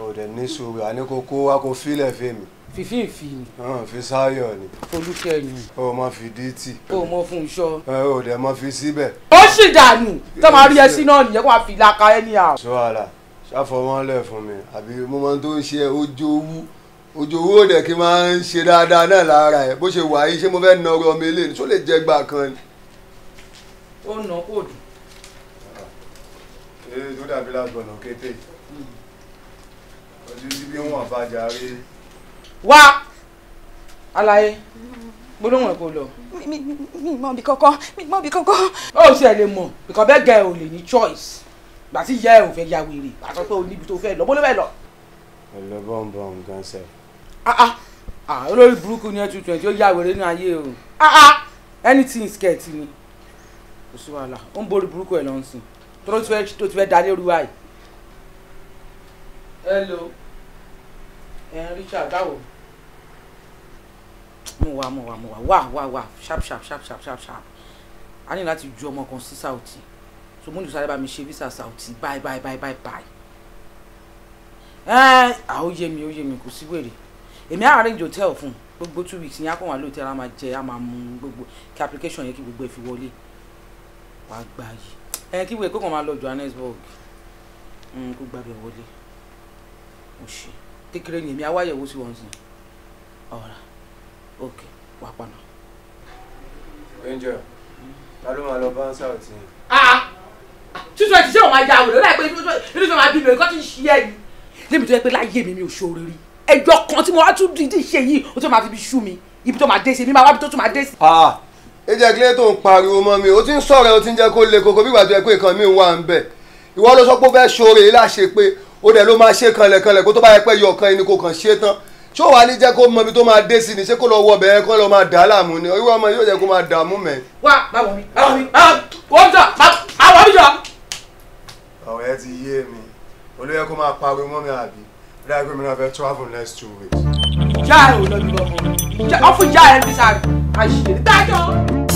Àwọn ah, ní sùúrù àní wa kò fílẹ̀ fèmí fífi ìfì ni. Fisáyọ̀ ni. Folúkẹ́yìn. o máa fi déètì. o ma fún iṣọ. ẹ o dẹ̀ máa fi síbẹ̀. ó sì dànù tó máa rí ẹ sí náà nìyẹn kó máa fi laka ẹ ní à. sọ àlà ṣàfọmọ́lẹ̀ fún mi àbí mo máa tó ń ṣe ojú owó ojú owó dẹ̀ kí n máa ń ṣe dáadáa náà lára ẹ̀ bó ṣe wà yìí ṣé mo fẹ́ na ọrọ̀ mi lé ní tó lè jẹ́ gbà kan ni. ó nà kó dùn. ṣé tó dàbí lágbọ̀nà kété ojú síbí wọn àbájá rí wá alaye gbólóhùn ẹ̀ kò lọ. mi mi mọ bí kankan mi mọ bí kankan. ó sì ẹ lè mọ bìkan bẹ́ẹ̀ gẹ̀ ò lè ní choice gbà tí ìyá ẹ ò fẹ́ ya wèrè àtọ́ pé o níbi tó fẹ́ lọ bó ló fẹ́ lọ. ẹ̀lẹ́ bọ̀m̀bọ̀m gan sẹ́. olórí burúkú ni ẹ tún tún ẹ tí ó ya wèrè nínú ayé o ah, ah, anything skirt ni kò sí wàhálà ó ń borí burúkú ẹ lọ́nsìn tó ti fẹ́ dalé orí wa yìí. hello ẹ Richard báwo. mo wà mo wà mo wà wà wà wà sharp sharp sharp sharp sharp sharp a ní láti ju ọmọ kan sí Saudi so mo ní sáré bá mi ṣe visa Saudi bye bye bye bye bye. ẹ àwọn oyè mi oyè mi kò sí wèrè èmi á arrange hotel fún gbogbo two weeks yẹn á kàn wá lóòótẹ́ á máa jẹ á máa mú gbogbo kí application yẹn kí gbogbo ẹ̀ fi wọlé wàá gbà yìí ẹ kí wèé kó kàn máa lọ Johannesburg hmm, kó gbàgbé wọlé ó ṣe kékeré ni èmi awáyẹ̀wò sí wọn sìn ọ̀rà òkè wà pàná. angel ta ló máa lọ bá ń sáà tì í. Ah! títún ẹ ti ṣe òun ajá àwòrán láì pé inú sọ máa bí mi nǹkan tí ń ṣí ẹ yìí. lébi tó yẹ pé láyé mi mi ò ṣòro rí ẹjọ́ kan tí mo wá tún dídí ṣe yìí ó tó máa fi bí ṣú mi ibi tó máa dé sí mi máa wá ibi tó tún máa dé sí ah! ẹ jẹ́ kílẹ̀ tó ń pariwo mọ́ mi ó ti ń sọ̀rọ̀ ó ti ń jẹ́ kó le koko bí ìgbà tó yẹ pé nǹkan ó dẹ̀ ló máa ṣe kanlẹ̀kanlẹ̀ kó tó bá yẹ pé yọ ẹni kò kàn ṣe tán ṣó wàá ní jẹ́ kó mọ ibi tó máa dé sí ni ṣé kó lọ wọ bẹ̀rẹ̀ kó lọ máa dà á láàmú ni orí ọmọ yóò jẹ́ kó máa dààmú mẹ́. wá báwo mi báwo mi ah, wọ́n jà àwọn mi ọ̀rọ̀ ẹ ti yé mi olóyè kó máa pariwo mọ́ mi àbí bí i gómìnà fẹ́ travel next two weeks. ìjà ò lọ bí wọ́n fún ọ̀fun ìjà rẹ̀ bí sáré àṣìṣe dájọ́.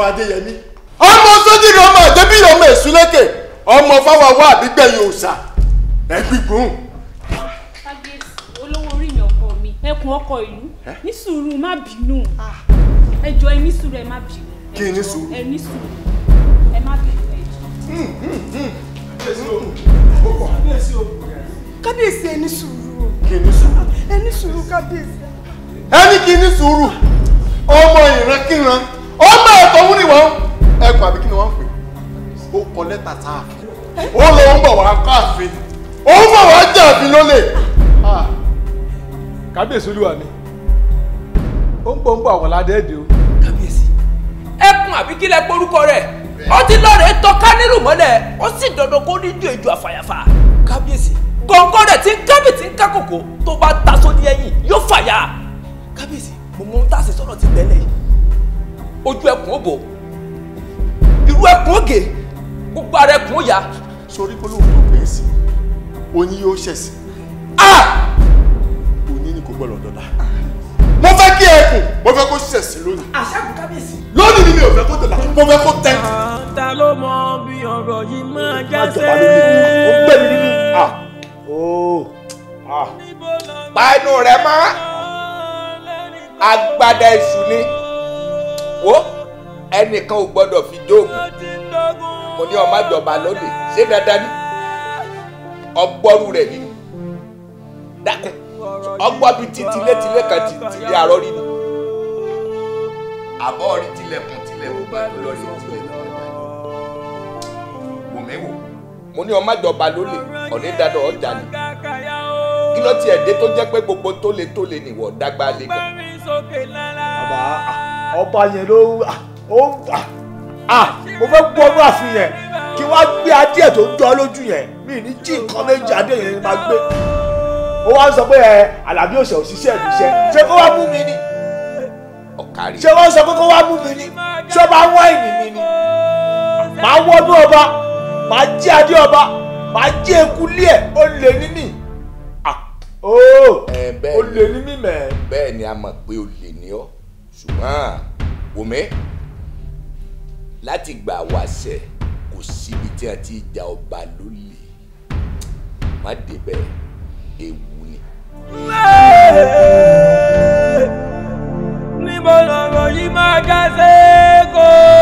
ọmọ adéyẹmí ọmọ sódì ni ọmọ àjẹbí ọmọ èsúlẹkẹ ọmọ fáwọn wà àbígbẹ̀yìn òòṣà ẹgbígun. kábíyèsí olówó orí mi ọkọ mi ẹkùn ọkọ ìlú ní sùúrù má bínú ah. ẹjọ ẹ ní sùúrù ẹ má bínú kí ní sùúrù ẹ ní sùúrù ẹ má bínú ẹjọ. Hmm, hmm, hmm. kábíyèsí ẹ ní sùúrù kí ní sùúrù ẹ ní sùúrù kábíyèsí. ẹni kí ní sùúrù ọmọ ìrankíran kọ lẹ́tà tá a fi ó lọ ń bọ̀ wá káàfin ó ń bọ̀ wá jàfin lólè. Ah, kábíyèsí olúwa mi ó ń bọ̀ ń bọ̀ àwọn ládẹ́ẹ̀dẹ́ o. kábíyèsí ẹkùn àbí kílẹ̀ porúkọ rẹ̀ ó ti lọ́ọ̀rẹ́ tọ́ka nírù mọ́lẹ̀ ó sì dandan kó níjú èjò àfàyàfà kábíyèsí kọ̀ǹkọ̀ rẹ̀ ti ń kábì ti ń ká kòkó tó bá ta sóní ẹ̀yìn yóò fàyà kábíyèsí mo mọ ohun tá a ṣe sọ̀rọ̀ ti tẹ́lẹ̀ ojú ẹkùn ó bò irú ẹkùn ó gè gbogbo ara ẹkùn ó yá. sori kó lóun ló pè é sí oyin yóò ṣẹ̀sì oyin ni kò gbọ́dọ̀ dọ̀la mo fẹ́ kí ẹkùn mo fẹ́ kó ṣẹ̀sì lónìí lónìí ni mi ò fẹ́ kó dọ̀la mo fẹ́ kó tẹ̀. ta ló mọ bí ọ̀rọ̀ yìí máa já pa inú rẹ mọ́ agbada èṣù ni wo ẹnìkan ò gbọ́dọ̀ fi jóògùn mo ní ọmọ àjọba lóde ṣé dandan ni ọgbọ́rù rẹ̀ ni dákun ọgbọ́ bíi ti tilétilé kan ti tilé arọ́ rí ni àbọ̀ rí tilẹ̀kùn tilẹ̀kùn bá lọ sí tilẹ̀kùn wò mí wò mo ní ọmọ àjọba lólè ọ̀lẹ́ dandan ọjà ni kí ló tiẹ̀ dé tó jẹ́ pé gbogbo tó le tó le nìwọ̀ dágbà lé ah, ọba yẹn ló ah, ó ah ah mo fẹ́ gbọ́nú àfihàn kí wọ́n á gbé adé ẹ̀ tó ń jọ lójú yẹn mi ní jí nǹkan méjì adé yẹn máa gbé ó wá ń sọ pé ẹ Àlàbí òṣè òṣìṣẹ́ mi ṣe ṣé kó wá mú mi ni ṣé wọ́n sọ pé kó wá mú mi ni ṣé máa wọ́n ẹ̀yìn mi ni máa wọ́nú ọba máa jí adé ọba máa jí eku lé ẹ̀ ó lè ní mí ah, ó lè ní mí mẹ́ẹ̀. bẹ́ẹ̀ ni a mọ̀ pé o lè ní ọ ṣùgbọ́n wòmí láti gbà wàṣẹ kò síbi tí a ti ja ọba lólè má débẹ̀ ewu ni. níbo lọ̀rọ̀ yìí máa já sí kò.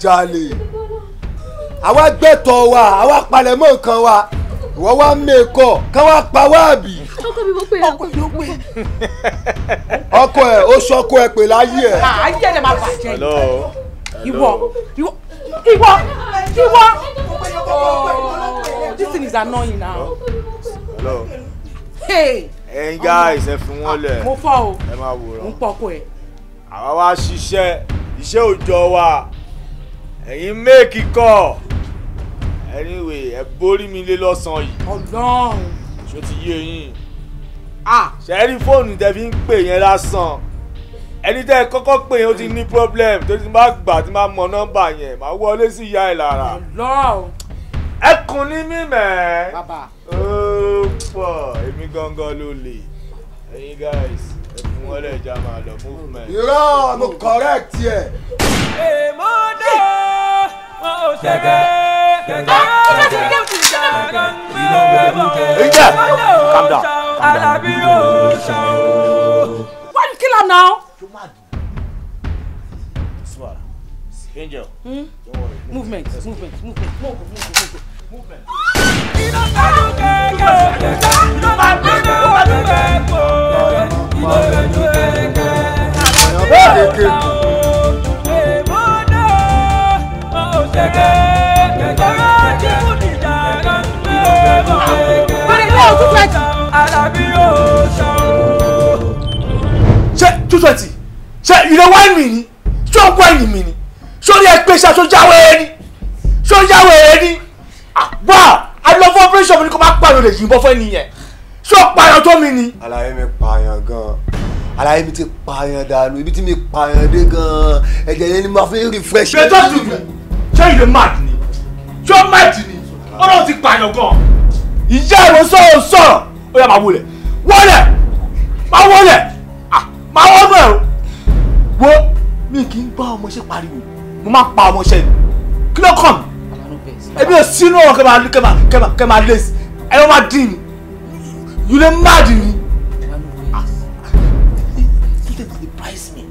jalè àwa gbẹ̀tọ̀ wa àwa palẹ̀mọ́ nǹkan wa ìwọ wa mẹ́kọ̀ kán wa pa wá àbí. ọkọ mi mo pè é ọkọ mi mo pè é. ọkọ ẹ ó sọkọ ẹ pè láyé ẹ. àá ah, yẹ ẹ máa bàjẹ́ ìwọ ìwọ ìwọ ìwọ. Oh, this thing is annoying now. Hello. Hey ẹyin guys ẹ fi wọn lẹ ah, mo fọ o ẹ pọkọ ẹ. àwa wá ṣiṣẹ́ iṣẹ́ òòjọ́ wa ẹ̀yin méèkì kọ̀ anyway ẹ borí mi lé lọ́sàn-án yìí. ọlọ́run. ṣé o ti yé yín. ṣẹ́ẹ́rì fóònù tẹ fi ń pè yẹn lásán ẹni tẹ́ ẹ kọ́kọ́ pè yẹn ó ti ní problem tó ti máa gbà tí máa mọ nọ́mbà yẹn máa wọlé sí ìyá ẹ̀ lára. ọlọ́run. ẹkùn ní mímẹ́. bàbá. ó pọ̀ èmi gangan ló lè ẹ̀yin guys ẹ fún wọn lẹ́jà máa lọ movement. irọ́ mo correct yẹ èèmọ̀ dé wọn ò ṣeré ah, ọjọ́ ti dé ti jà gbé bọ̀ ọjọ́ ò ṣà ó alábí ò ṣà ó. wọ́n ti kílọ̀ náà. Angel, hmm? Movement. Movement. Movement, movement, movement, movement, movement, movement. movement. movement. movement. ṣe ìrẹ wá mi ni ṣé ó wá mi ni sórí ẹ pèsè àṣọjáwé ẹni ṣọjáwé ẹni àgbà àlọ́fọ́ operation mi ni kò bá pààyàn lè yìnbọn fún ẹnìyẹn ṣé ó pààyàn tó mi ni. àlàyé mi pààyàn gan àlàyé mi ti pààyàn dànù ibi tí mi pààyàn dé gan ẹ̀jẹ̀ yẹn ni mo fi refresh. ṣé tó dùn ṣé ìrẹ mad ni ṣé ó mad ni ọlọ́run ti pààyàn gan. ìyá ìwọ sọ̀rọ̀ sọ̀rọ̀ ó yá máa wọlé wọlé máa wọlé ah, máa wọlé o wo mi kì í gbọ́ ọmọọṣẹ́ pariwo mo máa pa ọmọọṣẹ́ ni kí ló kàn mí èmi ò sínú ọ̀rọ̀ kẹ́ máa kẹ́ máa kẹ́ máa kẹ́ máa lé sí ẹ lọ́ máa dín mi you dey mad ni you dey dey price me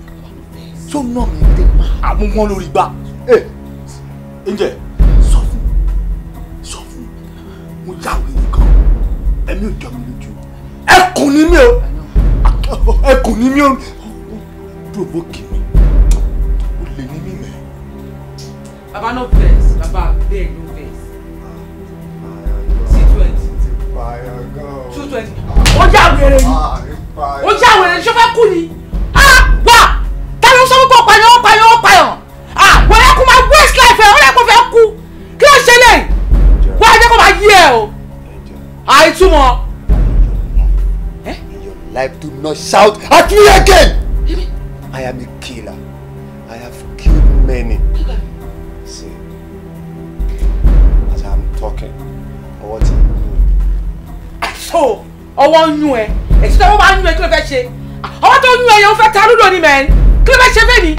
so nọ mi dey ma àmúmọ́ lórí gbà ẹ ǹjẹ́ sọ fún sọ fún mo yàwé nìkan ẹ̀mí ò jọ mi lójú ẹkùn ni mí o ẹkùn ni mí o provoke mi ó lè ní mímẹ́. baba no vex baba beg no vex. two twenty. two twenty. ó já wèrè ni ah, ó já wèrè ni ṣọfẹ́ kú ni ah, wá ta ló sọ fún kó payàn ó payàn ó payàn ah, wọ́n yẹ kó máa waste life ẹ̀ wọ́n yẹ kó fẹ́ kú kí ló ṣe lè wọ́n yẹ kó máa yí ẹ̀ o àìtúmọ̀. Eh? Your life do not shout at me again. I am a killer. I have killed many. See, as I'm talking, ọwọ́ ti mú So, I want you, ẹ, èsì tó wọ́n bá ń yún ẹ kí ló fẹ́ ṣe? Ọwọ́ tó ń yún ẹ yẹn ń fẹ́ ta lúdò ni mẹ́rin, kí ló fẹ́ ṣe fẹ́mi?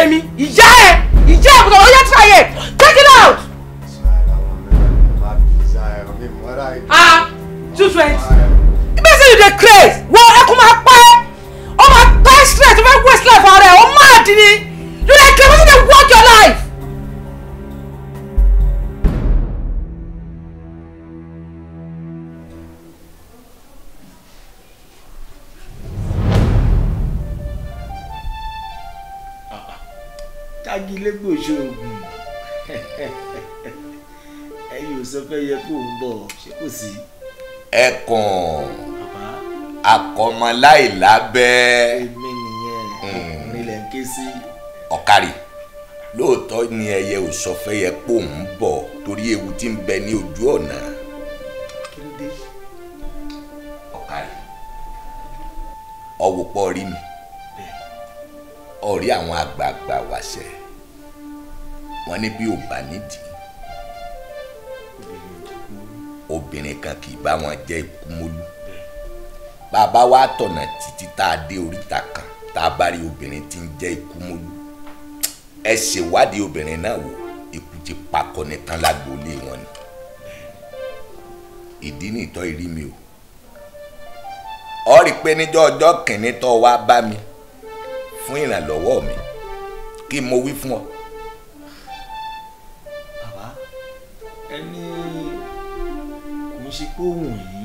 Èmi, ìyá take it out! Ah, wait. You better yìí dey crazy. clear for rẹ o oh, mad ni you dey clear wetin dey work your life. tágilé gbòòṣe oògùn ẹ̀yin ò sọ fẹ́ yẹ kó ń bọ̀ ṣé kò sí. ẹkùn akọmọláìlábẹ́. ọ̀kàrì lóòótọ́ ni ẹyẹ ò sọ pò bọ̀ torí ewu tí ń bẹ ní ojú ọ̀nà. ọ̀kàrì ọ̀wọ́pọ̀ rí mi ọ̀rí àwọn àgbààgbà wàṣẹ wọn ní bí ò bá nídìí obìnrin kan kì í bá kan tá a bá rí ẹ ṣèwádìí obìnrin náà wò ikú ti pakọni tán lágboolé wọn ni ìdí nìtọ́ ìrí mi o ọ rí i pé níjọ́ ọjọ́ kìnínní tó wá bá mi fún ìrànlọ́wọ́ mi kí mo wí fún ọ. bàbá ẹni mo ṣe pé òun yìí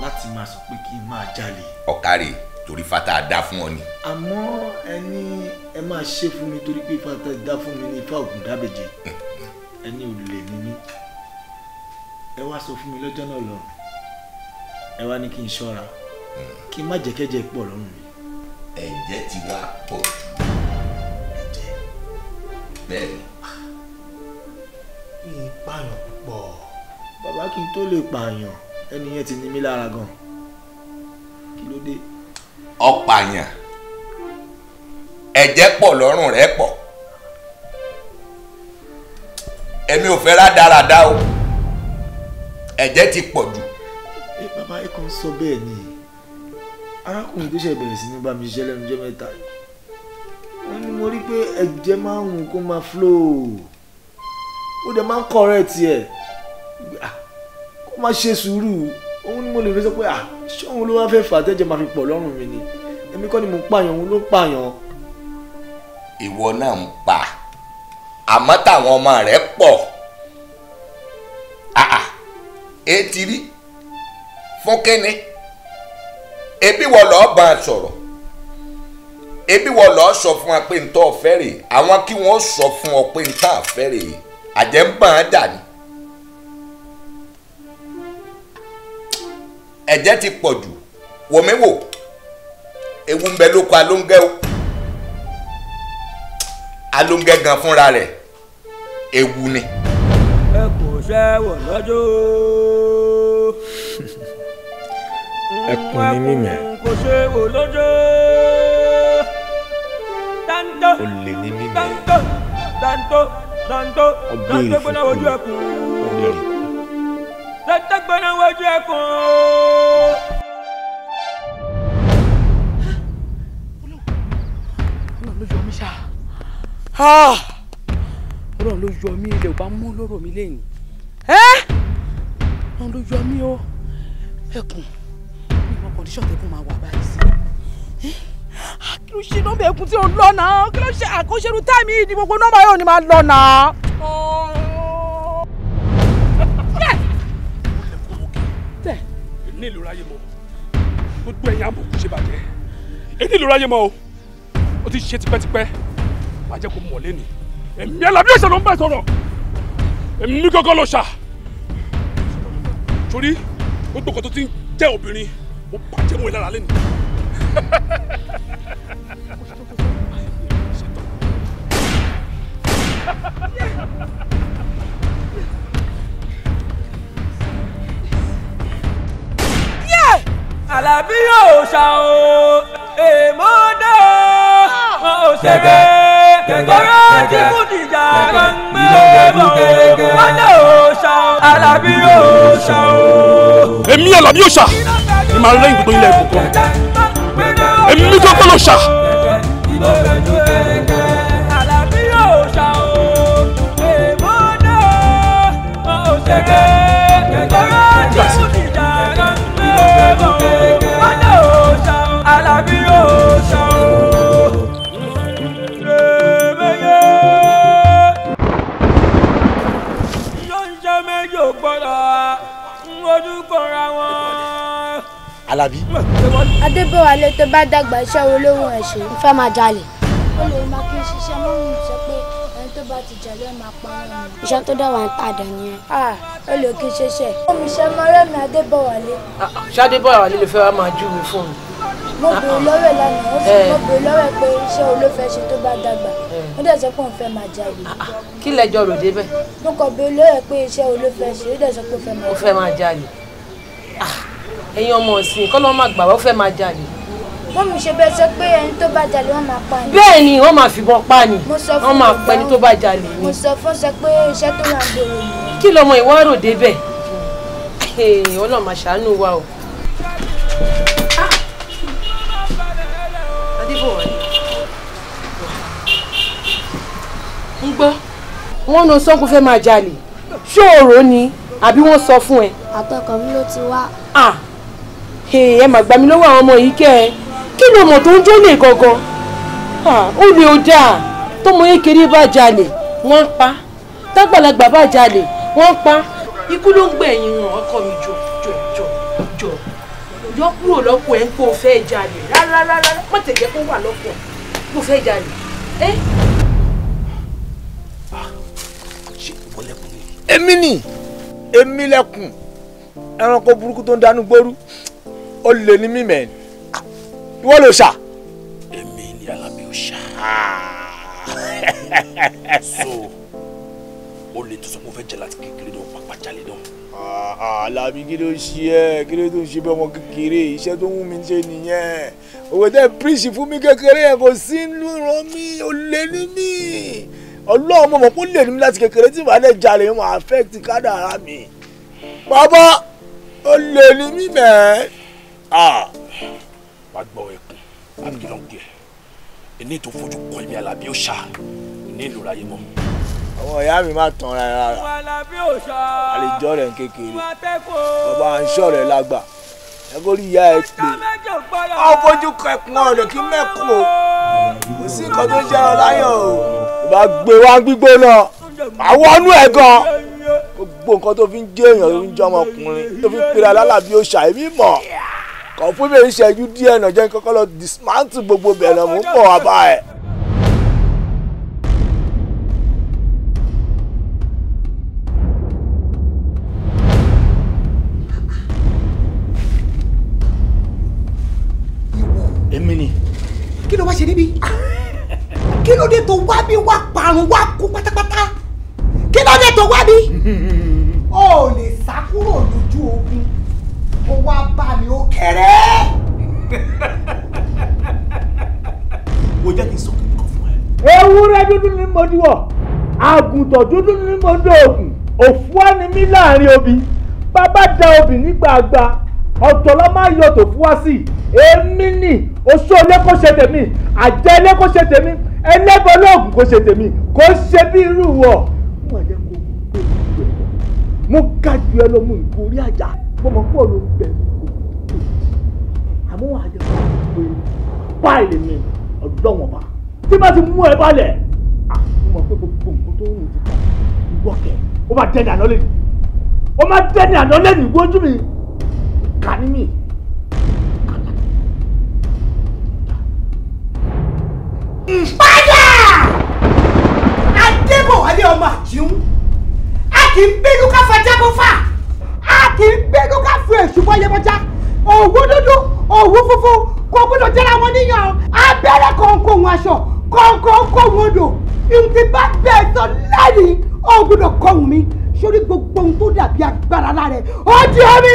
láti máa sọ pé kí n máa jalè. ọ̀kárì. Okay torí fata dá fún ọ ni. àmọ́ ẹni ẹ máa ṣe fún mi torí pé fata dá fún mi ní ifá ògùn dábẹ̀jẹ́ ẹni ò lè ní mí ẹ wá sọ fún mi lọ́jọ́ náà lọ ẹ wá ní kí n ṣọ́ra kí n má jẹ́kẹ́jẹ́ pọ̀ lọ́rùn mi. ẹ̀jẹ̀ ti wá pọ̀ jù ẹ̀jẹ̀ bẹ́ẹ̀ ni. mi pààyàn púpọ̀. bàbá kí n tó lè pààyàn ẹni yẹn ti ní mí lára gan kí ló dé ọ̀pàyàn ẹ̀jẹ̀ pọ̀ lọ́rùn rẹ̀ pọ̀ èmi ò fẹ́ rádaràda o ẹ̀jẹ̀ ti pọ̀ jù. ẹ bàbá ẹ kàn sọ bẹ́ẹ̀ ni arákùnrin tó ṣe bẹ̀rẹ̀ sí ní bá mi ṣiṣẹ́ lẹ́nu jẹ́ mẹ́ta wọ́n ní mo rí pé ẹ̀jẹ̀ máa ń hùn kó máa flow ó dẹ̀ máa ń correct ẹ̀ kó máa ṣe sùúrù òun ni mo lè fi sọ pé ah ṣé òun ló wá fẹ́ fà á tẹ́jẹ̀ máa fi pọ̀ lọ́rùn mi ni èmi kọ́ ni mo pààyàn òun ló ń pààyàn. ìwọ náà ń pa àmọ́ táwọn ọmọ rẹ̀ pọ̀ etí rí fúnkẹ́ni ebi wọ lọ́ọ́ bá a sọ̀rọ̀ ebi wọ lọ́ọ́ sọ fún wa pé n tọ́ fẹ́ rè àwọn kí wọ́n sọ fún ọ pé n tà fẹ́ rè àjẹ́ ń bà á dà ní. ẹ̀jẹ̀ ti pọ̀ jù wòmí wò ewu ń bẹ lóko alóńgẹ́ o alóńgẹ́ gan fúnra rẹ̀ ewu ni. ẹ kò ṣẹ́wọ̀ lọ́jọ́. ẹkùn ní mímẹ́. kò ṣẹ́wò lọ́jọ́. dáńtó olè ní mímẹ́. gbọ́dọ̀ wojú ẹkùn gbóná wájú ẹkùn o. ọlọ́run ló yọ mí ṣá ọlọ́run ló yọ mí ilẹ̀ ò bá mú lọ́rọ̀ mi lẹ́yìn ọlọ́run ló yọ mí o ẹkùn mi mọ kọ́ndíṣọ̀n tẹ́kùn máa wà báyìí sí ah, kí ló ṣe nọ́mbà ẹkùn tí ò lọ́nà kí ló ṣe àkóṣerú táìmì yìí gbogbo nọ́mbà yóò ní máa lọ́nà. ní ìlú ráyè mọ́ gbogbo ẹ̀yìn àbùkù ṣe bàjẹ́ èyí ìlú ráyè mọ́ o ó ti ṣe tipẹ́tipẹ́ má jẹ́ kó mọ̀ lẹ́nu èmi alábíyèsà ló ń bẹ̀ sọ̀rọ̀ èmi gángan ló ṣà torí gbogbo kan tó ti ń jẹ́ obìnrin ó bàjẹ́ mọ́ ẹ lẹ́nu. Àlàbí yóò ṣá o èèmọ́ dá o òṣèré kọ́rọ́ tí kú dìjà kan gbé bọ̀ wọ́dà yóò ṣá o Àlàbí yóò ṣá o. èmi Àlàbí yóò ṣá ni màá lẹ́yìn gbogbo ilẹ̀ ìkọ̀kọ̀ èmi gbogbo ló ṣá. Àlàbí yóò ṣá o èèmọ́ adébọ̀wálé tó bá dàgbà iṣẹ́ wo ló wù ẹ́ ṣe. mo fẹ́ máa jalè. ó lè máa kí n ṣiṣẹ́ mọ́mú sọ pé ẹni tó bá ti jalè máa pa wọn mọ́. iṣẹ́ tó dá wa ń tà dà nìyẹn. ó lè kí n ṣiṣẹ́. ó mi ṣe mọ́ rẹ́mi adébọ̀wálé. ṣé adébọ̀wálé ló fẹ́ wá máa júwe fún mi. mo bèrè lọ́wọ́ ẹ̀ lánàá ó sì mo bèrè lọ́wọ́ ẹ̀ pé iṣẹ́ wo ló fẹ́ ṣe tó bá dàgbà ó dẹ̀ sọ pé òun fẹ́ máa jalè. kí lẹ́jọ́ rò débẹ̀. mo kàn bèrè lọ́wọ́ ẹ̀ pé iṣẹ́ wo ló fẹ́ ṣe ó dẹ̀ sọ pé òun fẹ́ máa jalè ẹ̀yin ọmọ ọ̀sìn kọ́ ló má gbà wọ́n fẹ́ máa jalè. wọ́n mú ṣe bẹ́ẹ̀ sọ pé ẹni tó bá jalè wọ́n máa pa ni. bẹ́ẹ̀ ni wọ́n máa fìbọn pa ni wọ́n máa pa ẹni tó bá jalè ni. mo sọ fún sọ pé iṣẹ́ tó wà ń gbèrò ni. kí lọmọ ìwà rò débẹ̀ ọlọ́run máa ṣàánú wa o. Ah! ń gbọ́ wọ́n nu sọ́kùn fẹ́ máa jalè ṣóòrò ni àbí wọ́n sọ fún ẹ. àtọkọ mi ló ti wá. ah ẹ mà gbà mí lọ́wọ́ àwọn ọmọ yìí kẹ́ ẹ kí ló mọ̀ tó ń jó lè gangan ó lè ó dáa tọmọ kékeré bá jalè wọ́n ń pa tágbàlagbà bá jalè wọ́n ń pa ikú ló ń gbẹ̀yìn wọn ọkọ mi jọ jọ jọ jọ yọ kúrò lọ́pọ̀ ẹ̀ ń kó o fẹ́ jalè rárá rárá má tẹ̀jẹ́ kó wà lọ́pọ̀ kó o fẹ́ jalè ah, ẹ́. èmi ni èmi lẹkùn ẹranko burúkú tó ń dánú gbóru ó lè ní mímẹ́ ìwọ ló ṣà. èmi ni alábí ò ṣá. so o lè tó sọ pé o fẹ́ jẹ láti kékeré náà pàpà jalè náà. Ah, ah, alábí kí ló ṣe ẹ kí ló tó ń ṣe bí ọmọ kékeré iṣẹ́ tó ń wù mí ṣe nìyẹn òwe tẹ píríṣì fún mi kékeré yẹn kò sí inú ràn mí ò lè ní mí ọlọ́run mo mọ̀ kó lè ní mi láti kékeré tí màá jalè wọn affect kádàrá mi bàbá ó lè ní mí mẹ́ẹ́. Ah! wàá gbọ́ ẹkùn àbíkí ló ń gbé ẹ ní ètò fojú kọ ẹ̀mí alábí òòṣà ní ìlú ráyé mọ́. àwọn ìyá mi máa tàn rárá rà àlejò rẹ̀ ń kékeré bàbá à ń ṣọ̀rẹ́ lágbà ẹ kó rí ìyá ẹ pé ọ fojú kọ ẹkùn ọ̀dọ̀ kí mẹ́kùn o kò sí nǹkan tó ń ṣe ọ láyọ̀ o. ìbá gbé wá gbígbóná àwọn ọnú ẹ̀ gan-an gbogbo nǹkan tó fi ń jẹ́ èèyàn tó fi ń jẹ́ ọmọkùnrin tó fi ń pèrè alálàbí òòṣà èmi mọ̀ kàn fún mi ìṣẹ́jú díẹ̀ náà jẹ́ kọ́kọ́ lọ dismantle gbogbo bẹ̀rẹ̀ mú pọ̀ wá báyìí. èmi ni. kí ló wá ṣe níbí kí ló dé tó wá bí wá parun wá kú pátápátá kí ló dé tó wá bí. o ò lè sá kúrò lójú ogun kó wá bá mi ó kéré. wo jẹ́ kí n sọ kíni kan fún ẹ. ewúrẹ́ dúdú ni mo diwọ̀ àgùntàn dúdú ni mo dóògùn òfúà ni mí láàrin obì bàbá da obì nígbà àgbà ọ̀tọ̀ ló máa yọ tó fún wa sí èmi ni oṣù olóko ṣe tèmi àjẹ́ olóko ṣe tèmi ẹlẹ́gbẹ́ olóògùn kò ṣe tèmi kò ṣe bí irú wọ̀ mo ga ju ẹ lọ mú ìkórí àjà mo mọ̀ pọ̀ ló ń bẹ̀ àmọ́ àjọ pé báyìí ni ọ̀dọ́ wọn bá tí bá ti mú ẹ balẹ̀ mo mọ̀ pé gbogbo nǹkan tó ń rò ti kà ìwọ kẹ ó máa dẹ́ni àná lẹ́nu ó máa dẹ́ni àná lẹ́nu ìgbójú mi kà ní mi. ìpadà adébọ̀wálé ọmọ àjíún a kì í bínú káfájábọ́fà kì í gbé ká fún èṣù bọ́ yẹmọjá òwú dúdú òwú funfun kò gbọ́dọ̀ jẹ́ra wọn níyàn abẹ́rẹ́ kọ̀ọ̀kan òun aṣọ kọ̀ọ̀kan kọ̀ odò ntí bá bẹ́ẹ̀ sọ lẹ́yìn ó gbọ́dọ̀ mi sórí gbogbo ohun tó dàbí agbára lára rẹ̀ ó di omi.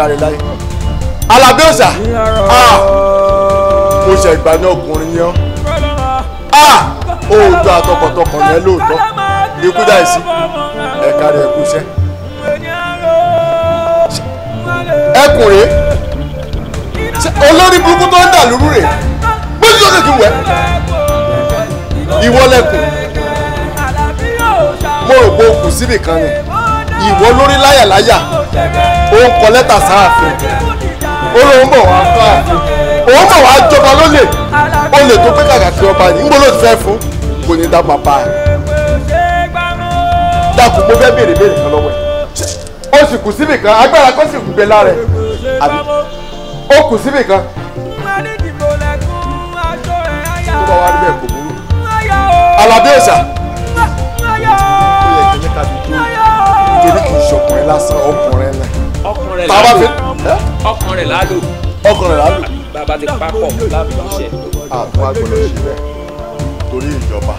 kárí láyé alábẹ́ òsà ah! mo ṣe ìgbà ní ọkùnrin yẹn òòjọ́ ah! àtọkọ̀tọkọ̀ yẹn lóòótọ́ ikú dà sí ẹ̀ka rẹ̀ kú iṣẹ́ ẹkùn rèé olórí burúkú tó ń dà lúrú rèé gbójú lókè kí wẹ́ ìwọ lẹ́kùn mo rò pé o kù síbì kan ni ìwọ lórí láyàláyà ó ń kọ lẹ́tà sáàfin ó lóun bọ̀ wá káàfin òun bọ̀ wá jọba lólè olè tó pé kàkàkì ọba ní nbọ́ ló ti fẹ́ fún kò ní dá bàbá rẹ̀ dákun mo fẹ́ béèrè béèrè kan lọ́wọ́ ẹ̀ ó sì kù síbì kan agbára kan sì kù gbẹ lára ẹ̀ àbí ó kù síbì kan. tó bá wá rí bẹ́ẹ̀ kò burú aládé ọ̀sà. ọkùnrin lásán ọkùnrin lẹ. ọkùnrin lálò ọkùnrin lálò ọkùnrin lálò. bàbá ti papọ̀ láàbì iṣẹ́. àwọn agbọ̀dọ̀ ṣe bẹ́ẹ̀ torí ìjọba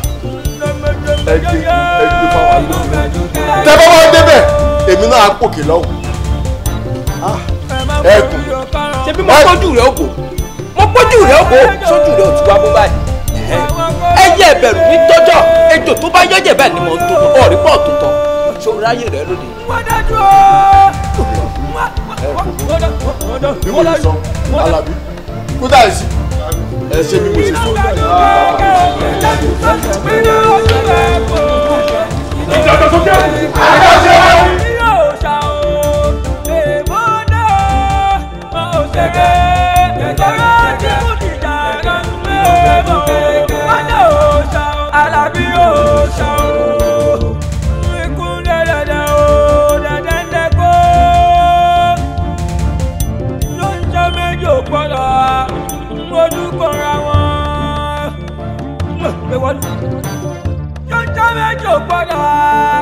ẹgbẹ́ ẹgbẹ́ fáwọn agbófinró. tẹ bá wọn débẹ̀ èmi náà á pòkè lọ́wọ́ ẹkùn. Ah, ṣé bí mo tọ́jú rẹ̀ ògbó mo pọ́jú rẹ̀ ògbó sójú rẹ̀ òtún wá mú báyìí. ẹyẹ ìbẹ̀rù ní tọ́jọ́ ejò tó bá yẹ́jẹ̀ bẹ́ẹ̀ ni mo ń tó ọ̀rí pọ̀ tó tán ṣó ráyè rẹ lónìí. wọ́n dájú o. bí mo sọ alábí kó dà sí ẹ ṣe bí mo ṣe sọ. ìdàgbàsókè àgbàṣe wa. ṣé o ṣe é. chegar.